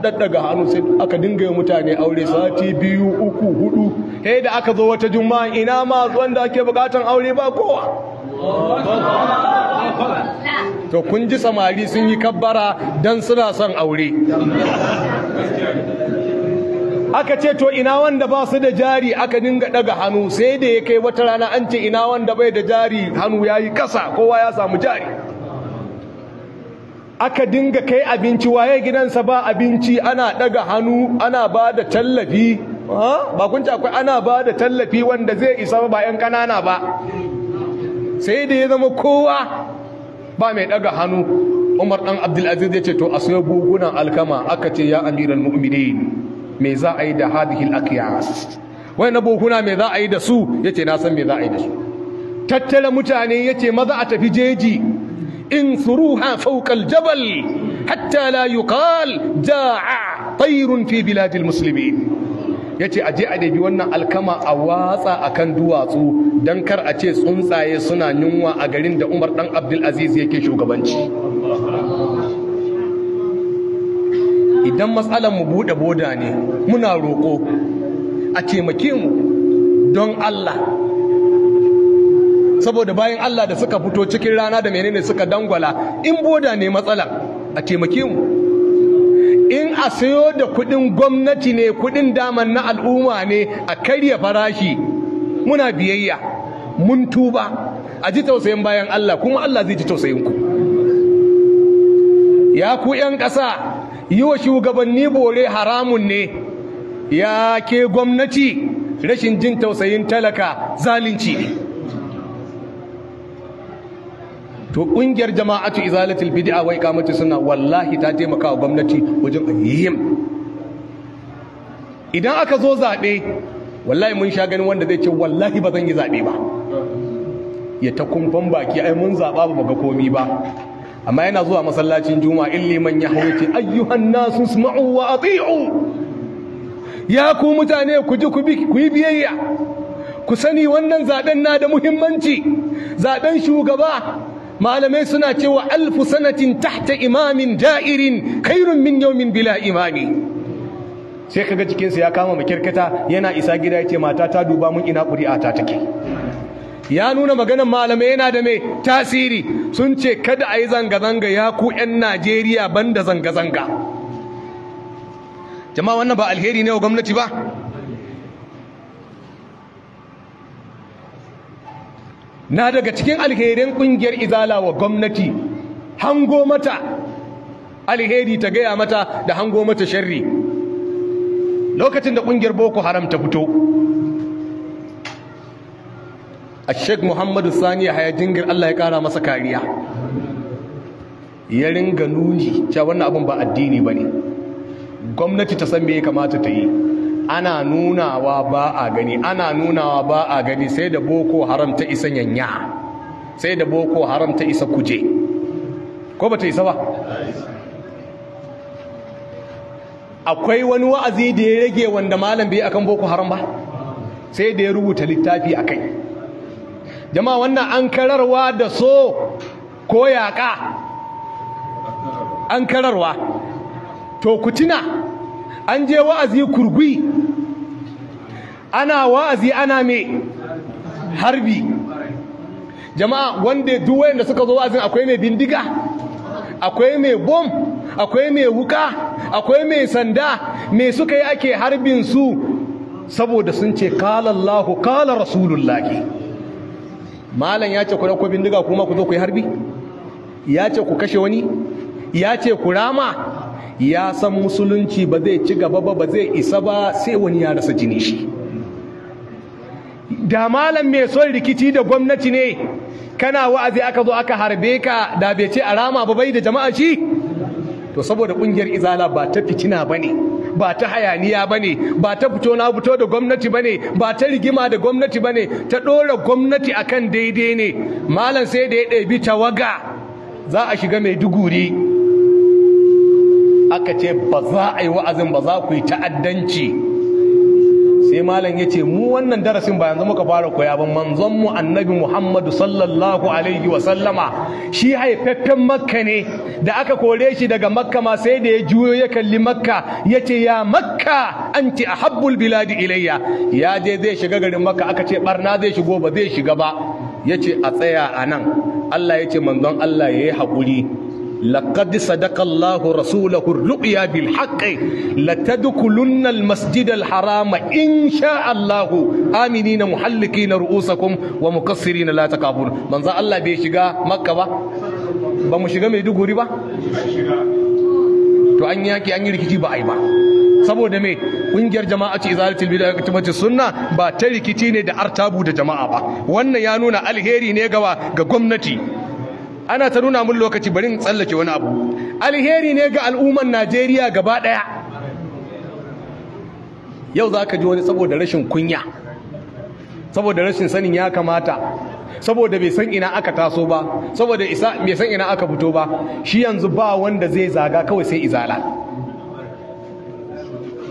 daddaga hannu sai aka dinga yi mutane aure sati biyu uku hudu he da aka zo wata juma'a ina ma wanda ake bukatan aure ba kowa to kun ji samari sun yi kabbara dan suna son aure aka ce to ina wanda ba su da jari aka dinga ɗaga hannu sai da ya kai wata rana an ce ina wanda bai da jari hannu ya yi kasa kowa ya samu jari aka dinga kai abinci waye gidansa ba abinci ana daga hannu ana ba da tallafi ba kun akwai ana ba da tallafi wanda zai isa ba yan kanana ba sai da ya zama kowa ba mai daga hannu umar dan abdulaziz ya ce to a soya gugunan alkama aka ce ya amiran mumini me za a yi da hadihil akiyas aqyas wai na bukuna me za a yi da su yace na san me za a yi da su tattala mutane yace maza a tafi jeji in suruha الجبل jabal, hatta la جاع طير في بلاد المسلمين ya ce aje a ɗabi wannan alkama a watsa a kan duwatsu don kar a ce tsuntsaye suna yunwa a garin da umar ɗan abdulaziz yake shugabanci idan matsalar mu buɗe boda ne muna roƙo a taimake mu don allah saboda bayan Allah da suka fito cikin rana da menene suka dangwala in boda ne matsala a taimake mu in a sayo da kudin gwamnati ne kudin daman na al'umma ne a karya farashi muna biyayya mun tuba a ji tausayin bayan Allah kuma Allah zai ji tausayin ku ya ku 'yan ƙasa yi wa shugabanni bore haramun ne ya ke gwamnati rashin jin tausayin talaka zalunci ne to kungiyar jama'atu izalatul bid'a wai kamata suna wallahi ta taimaka wa gwamnati wajen ayyim idan aka zo zaɓe wallahi mun sha ganin wanda zai ce wallahi ba zan yi zaɓe ba ya ta kumfan baki ai mun zaɓa ba ga komi ba amma yana zuwa masallacin juma'a illi man ya hawo ce ayyuhan nasu sma'u wa ati'u ya ku mutane ku ji ku yi biyayya ku sani wannan zaben na da muhimmanci zaben shugaba malamai suna cewa alfu sanatin tahta imamin da'irin kairun min yawmin bila imami sai kaga cikinsa ya kama makirkata yana isa gida ya ce mata ta duba mun ina ƙuri'a ta take ya nuna maganan malamai yana da mai tasiri sun ce kada a yi zanga-zanga ya ku 'yan najeriya banda zanga-zanga jama'a wannan ba alheri ne wa gwamnati ba na daga cikin alherin ƙungiyar izala wa gwamnati hango mata alheri ta gaya mata da hango mata sharri lokacin da ƙungiyar boko haram ta fito a sheik muhammadu sani ya haya jingir allah ya kara masa kariya ya ringa nuni cewa wannan abin ba addini ba ne gwamnati ta san me ya kamata ta yi ana nunawa ba a gani ana nunawa ba a gani sai da boko haram ta isa yanya sai da boko haram ta isa kuje ko ba ta isa ba akwai wani wa'azi da ya rage wanda malam bai akan boko haram ba sai da ya rubuta littafi a kai jama wannan an kararwa da so ko yaƙa an kararwa to ku tuna an je wa'azi kurgui ana wa'azi ana me harbi jama'a wanda duwayen da suka zo wa'azin akwai mai bindiga akwai mai bom akwai mai wuka akwai mai sanda mai suka yi ake harbin su saboda sun ce kalallahu kala rasulullahi malam ya ce ku dauko bindiga kuma ku zo ku yi harbi ya ce ku kashe wani ya ce ku rama ya san musulunci ba zai ci gaba ba ba zai isa ba sai wani ya rasa jini shi da malam mai son rikici da gwamnati ne kana wa'azi aka zo aka harbe ka da bai ce a rama ba bai da jama'a shi to saboda kungiyar izala ba ta fitina bane ba ta hayaniya bane ba ta fito na fito da gwamnati bane ba ta rigima da gwamnati bane ta dora gwamnati akan daidai ne malam sai da ya ɗabi tawaga za a shiga mai duguri aka ce ba za a yi wa'azin ba za ku yi ta'addanci sai malam ya ce mu wannan darasin ba yanzu muka fara koya ba manzon mu annabi muhammadu sallallahu alaihi wa sallama shi haifaffen makka ne da aka kore shi daga makka ma sai da ya juyo ya kalli makka ya ce ya makka anti habbul biladi ilayya ya je zai shiga garin makka aka ce barna zai shigo ba zai shiga ba ya ce a tsaya a nan allah ya ce manzon allah ya yi haƙuri لقد صدق الله رسوله الرؤيا بالحق لتدخلن المسجد الحرام إن شاء الله آمنين محلقين رؤوسكم ومقصرين لا Allah من ذا الله ba? مكة با بمشغا ميدوغوري با to an yaki an yi rikici ba ai ba saboda me kungiyar jama'a ce izalatul bid'a ga sunna ba ta rikici ne da artabu da jama'a ba wannan ya nuna alheri ne gawa ga gwamnati ana ta nuna mun lokaci bari tsallake wani abu alheri ne ga al'umman najeriya gaba ɗaya yau za ka ji wani saboda rashin kunya saboda rashin sanin ya kamata saboda bai san ina aka taso ba saboda isa bai san ina aka fito ba shi yanzu ba wanda zai zaga kawai sai izala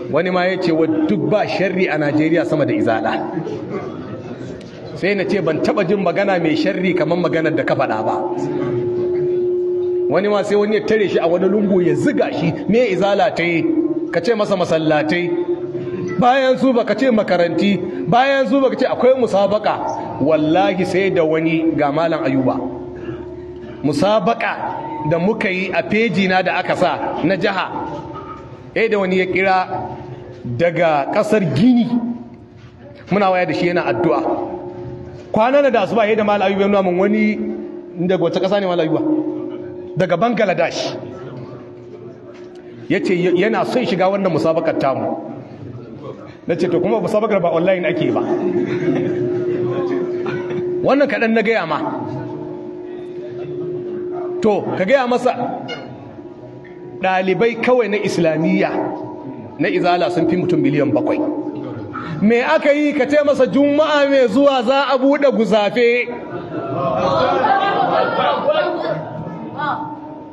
wani ma ya ce wa duk ba sharri a najeriya sama da izala sai na ce ban taba jin magana mai sharri kamar maganar da ka faɗa ba wani ma sai wani ya tare shi a wani lungu ya ziga shi me izala ta yi ka ce masa masallatai bayan su ka ce makaranti bayan su ka ce akwai musabaka wallahi sai da wani ga malam ayuba musabaka da muka yi a feji na da aka sa na jiha ya da wani ya kira daga kasar gini muna waya da shi yana addu'a kwanan da su ba ya da malam ayuba nuna mun wani daga wata kasa ne malam ayuba daga Bangaladesh, ya ce yana son shiga wannan musabakar tamu na ce to kuma musabakar ba online ake ba wannan kaɗan na gaya ma to ka gaya masa ɗalibai kawai na islamiyya na izala sun fi mutum miliyan bakwai me aka yi ka ce masa juma'a mai zuwa za a buɗe guzafe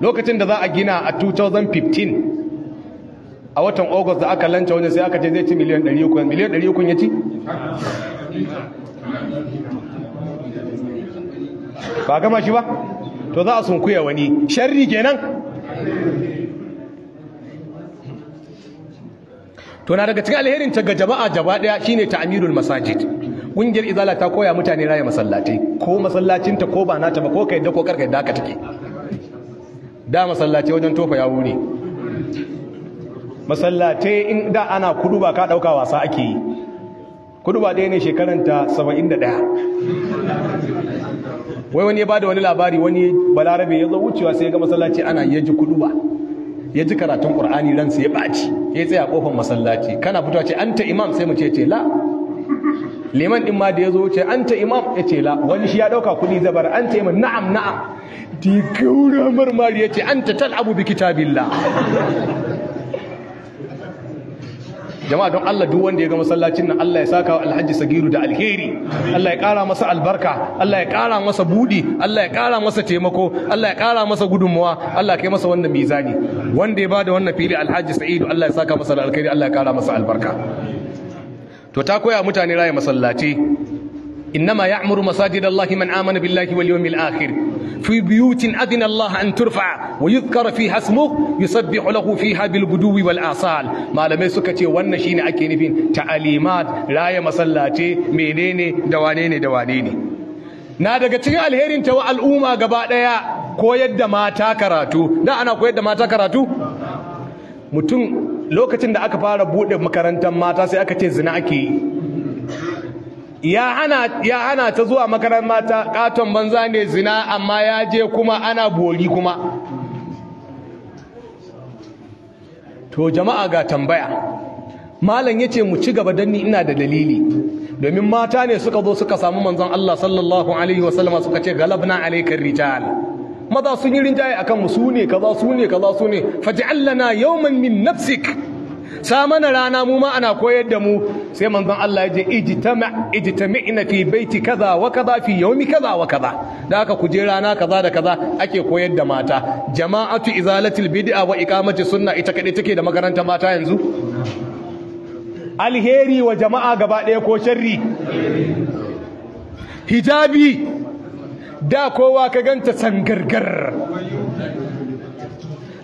lokacin da za a gina a 2015 a watan august da aka lanta wajen sai aka ce zai ci miliyan 300 miliyan 300 ya ci? ba gama shi ba? to za a sunkuya wani ke kenan to na daga cikin alherin ta ga jama'a jaba daya shine amirul masajid ƙungiyar izala ta koya mutane raya masallatai ko masallacinta ko ba nata ba ko kai da ko karkai da ka take da masallaci wajen tofa ya wuri masallatai in da ana kudu ba ka dauka wasa ake yi kudu ba daya ne shekaranta 71 wai wani ya ba da wani labari wani balarabe ya zo wucewa sai ya ga masallaci ana ya ji kudu ba ya ji karatun ƙur'ani ransu ya ɓaci ya tsaye a ƙofar masallaci kana fito ce an ta imam sai mu ce ce la liman din ma da ya zo ce ta imam ya ce la wani shi ya dauka kudi zabar ta imam na'am na'am ti gaura marmari ya ce tal abu bi billa. jama'a don Allah duk wanda ya ga masallacin nan Allah ya saka wa Alhaji Sagiru da alheri Allah ya kara masa albarka Allah ya kara masa budi Allah ya kara masa taimako Allah ya kara masa gudunmuwa Allah ya kai masa wannan mizani wanda ya bada wannan fili Alhaji Sa'idu Allah ya saka masa da alheri Allah ya kara masa albarka to ta koya mutane raya masallaci innama ya'muru masajidallahi man amana billahi wal yawmil akhir fi buyutin adina Allah an turfa wa yuzkara fi hasmu yusabbihu lahu fiha bil guduwi wal asal malamai suka ce wannan shine ake nufin ta'alimat raya masallaci menene da ne da ne na daga cikin alherin ta wa al'umma gaba daya koyar da mata karatu da ana koyar da mata karatu mutum lokacin da aka fara buɗe makarantar mata sai aka ce zina ake yi ya hana ta zuwa makarantar mata katon banza ne zina amma ya je kuma ana bori kuma to jama'a ga tambaya malam ce mu ci gaba don ni ina da dalili domin mata ne suka zo suka samu manzan Allah sallallahu alaihi wasallama suka ce galabna alaikar rijal maza sun yi rinjaye akan mu su ne kaza su ne kaza su ne faj'al lana yawman min nafsik sa mana rana mu ma ana koyar da mu sai manzon Allah ya je ijtama ijtami'na fi baiti kaza wa kaza fi yawmi kaza wa kaza da aka kuje rana kaza da kaza ake koyar da mata jama'atu izalatil bid'a wa iqamati sunna ita kadai take da makaranta mata yanzu alheri wa jama'a gaba ɗaya ko sharri hijabi da kowa ka ganta sangargar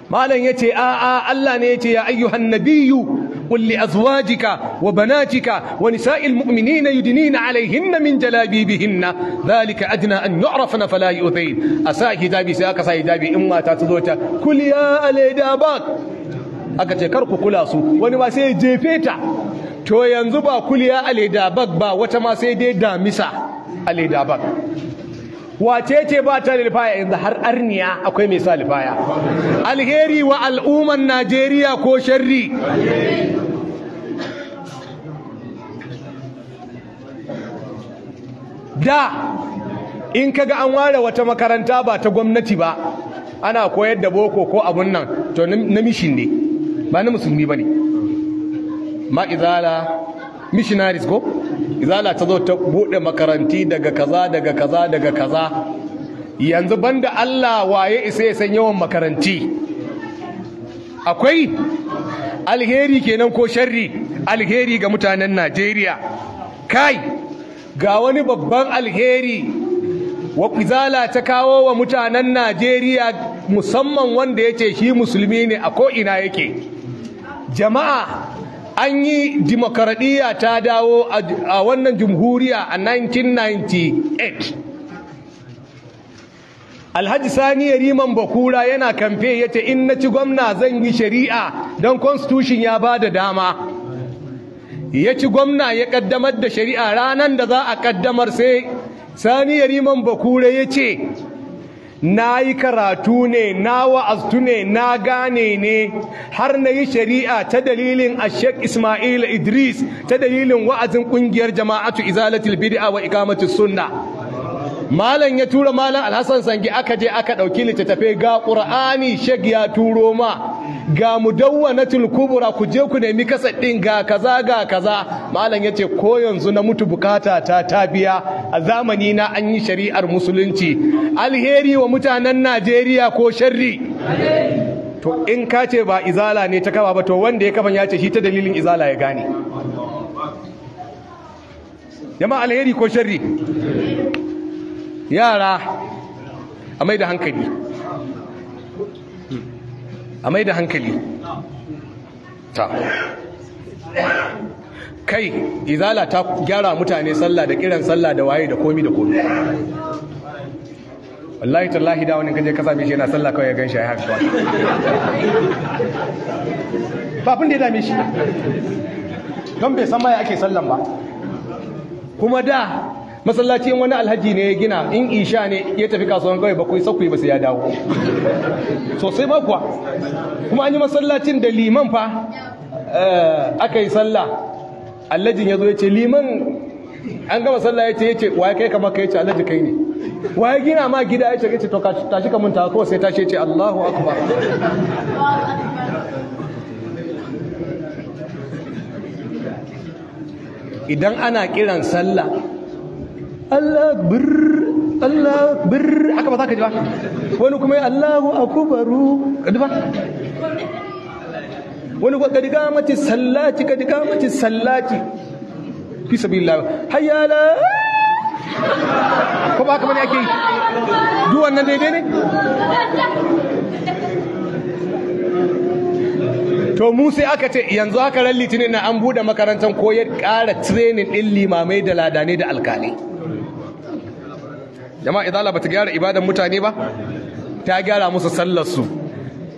malam yace a a Allah ne yace ya ayyuhan nabiyyu qul li azwajika wa banatika wa nisa'il mu'minina yudnina 'alayhinna min jalabibihinna dhalika adna an yu'rafna fala yu'thin asahi dabi sai aka sai dabi in mata ta zo ta kul ya aladabak aka ce kar ku kula su wani ma sai jefe ta to yanzu ba kulya ya aladabak ba wata ma sai dai damisa aladabak wace ce ba ta lifaya yanzu har arniya akwai mai sa lifaya alheri wa al'umman najeriya ko sharri da in kaga an ware wata makaranta ba ta gwamnati ba ana koyar da boko ko abun nan to namishin ne ba na musulmi ba ne ma'izala missionaries ko izala ta zo ta bude makaranti daga kaza daga kaza daga kaza yanzu banda Allah waye isa ya san yawan makaranti akwai alheri kenan ko sharri alheri ga mutanen Najeriya kai ga wani babban alheri wa izala ta kawo wa mutanen Najeriya musamman wanda yace shi musulmi ne a ko ina yake jama'a an yi dimokuraɗiyya ta dawo a wannan jumhuriya a 1998 alhaji sani riman bakura yana kamfe ya ce in na ci gwamna zan yi shari'a don constitution ya ba da dama ya ci gwamna ya kaddamar da shari'a ranar da za a kaddamar sai sani riman bakura ya ce na yi karatu ne na wa'aztu ne na gane ne har na yi shari'a ta dalilin ashek ismail idris ta dalilin wa'azin ƙungiyar jama'atu izalatul bid'a wa ikamatu sunna malam ya tura malam alhassan sangi aka je aka ɗauki littattafai ga qur'ani shek ya turo ma ga na tulkubura ku je ku nemi kasar din ga kaza ga kaza malam yace ko yanzu na mutu bukata ta tabiya a zamani na an yi shari'ar musulunci alheri wa mutanen Najeriya ko sharri to in ka ce ba izala ne ta kafa ba to wanda ya kafa ya ce shi ta dalilin izala ya gane jama'a alheri ko sharri yara a mai da hankali a mai da hankali ta kai izala ta gyara mutane sallah da kiran sallah da waye da komi da komi wallahi tallahi da wani kaje ka same shi yana sallah kawai ya ganshi ya haka ba abin da ya dame shi don bai san ma ya ake sallan ba kuma da masallaci in wani alhaji ne ya gina in isha ne ya tafi kasuwan kawai bakwai sakwai ba su ya dawo sosai ba kuwa kuma an yi masallacin da liman fa eh, aka yi sallah allajin ya zo ya ce liman an gama sallah ya ce ya ce waye kai kamar kai ce alhaji kai ne ya gina ma gida ya ce ya ce to tashi ka ta kawai sai tashi ya ce allahu akbar idan ana kiran sallah Allah akbar Allah akbar haka ba za ka ji ba wani kuma Allahu akbaru ka ba wani kuma kadi mace sallati kadi mace sallati fi sabilillah hayya la ko ba kamar ake yi duk wannan daidai ne to mu sai aka ce yanzu haka ran litinin na an bude makarantar koyar ƙara training ɗin limamai da ladanai da Alkali. jama'a ba ta gyara ibadan mutane ba ta gyara musu sallar su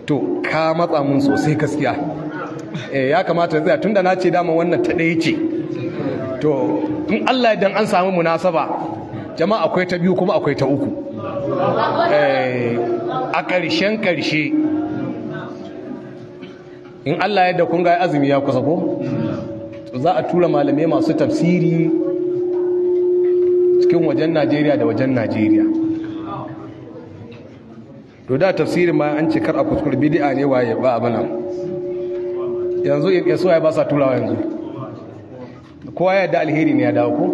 to ka matsa mun sosai gaskiya eh ya kamata zai tunda na ce dama wannan ta ɗaya ce to in Allah ya an samu munasaba jama'a akwai ta biyu kuma akwai ta uku eh, a ƙarshen ƙarshe in Allah ya da kun ga azumi ya kusa ko za a tura malamai masu tafsiri cikin wajen najeriya da wajen najeriya to da tafsiri ma an ce kar a kuskure bidi'a ne waye ba a mana yanzu ya so ya ba sa turawa yanzu kowa ya da alheri ne ya dawo ko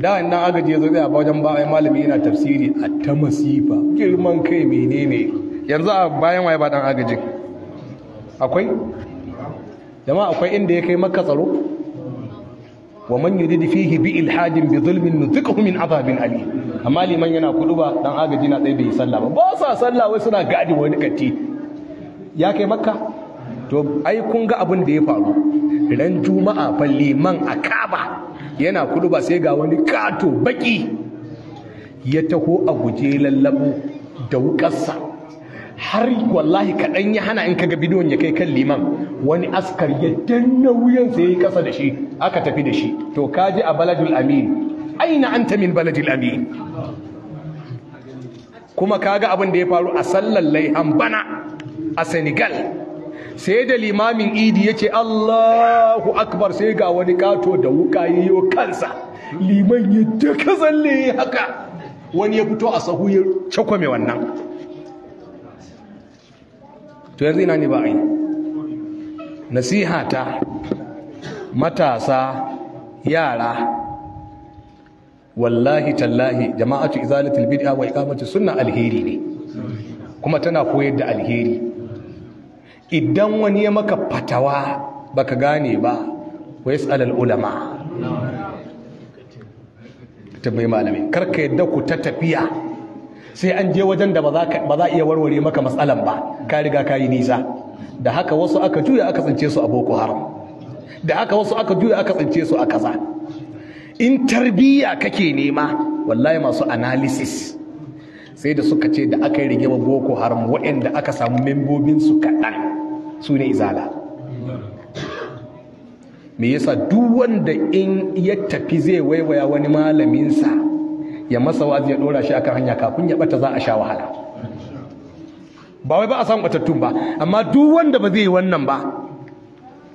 da wannan agaji ya zo zai ba wajen ba ai malami yana tafsiri a ta masifa girman kai menene yanzu a bayan waye ba dan agajin akwai jama'a akwai inda ya kai maka tsaro wa man yuridu fihi bi ilhadin bi zulmin nuziqhu min adhabin ali amma liman yana kuduba dan agaji na tsaye bai sallah ba ba sa sallah wai suna gadi wani katti ya kai makka to ai kun ga abin da ya faru ran juma'a fa liman a kaba yana kuduba sai ga wani kato baki ya taho a guje lallabo da wukarsa har wallahi kaɗan ya hana in kaga bidiyon ya kai kan liman wani askar ya danna wuyan sai ya kasa da shi aka tafi da shi to kaji a baladul amin aina an ta min baladul amin kuma kaga abin da ya faru a sallar laihan bana a Senegal sai da limamin idi yace Allahu akbar sai ga wani kato da wuka yi kansa liman ya ta haka wani ya fito a sahu ya cakwame wannan to yanzu ina ne ba a yi nasiha matasa yara wallahi tallahi jama'atu izalatul bid'a wa iqamati sunna alheri ne kuma tana koyar da alheri idan wani ya maka fatawa baka gane ba wa yas'al ulama tambayi malami karka yadda ku ta tafiya sai an je wajen da ba za a iya warware maka matsalan ba ka riga ka yi nisa da haka wasu aka juya aka tsince su a boko haram da haka wasu aka juya aka tsince su a kaza in tarbiyya kake nema wallahi masu analysis sai da suka ce da aka yi rigima boko haram waɗanda aka samu membobin su kaɗan su ne izala me yasa duk wanda in ya tafi zai waiwaya wani malaminsa ya masa wa'azi ya dora shi akan hanya kafin ya bata za a sha wahala ba wai ba a samu batattun ba amma duk wanda ba zai yi wannan ba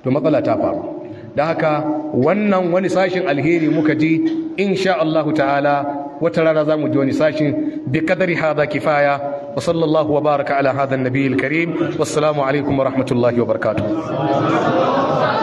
to matsala ta faru da haka wannan wani sashin alheri muka ji insha Allahu ta'ala wata rana za mu ji wani sashin bi kadari hadha kifaya wa sallallahu wa baraka ala hadha an-nabiyil karim wassalamu alaikum wa rahmatullahi wa barakatuh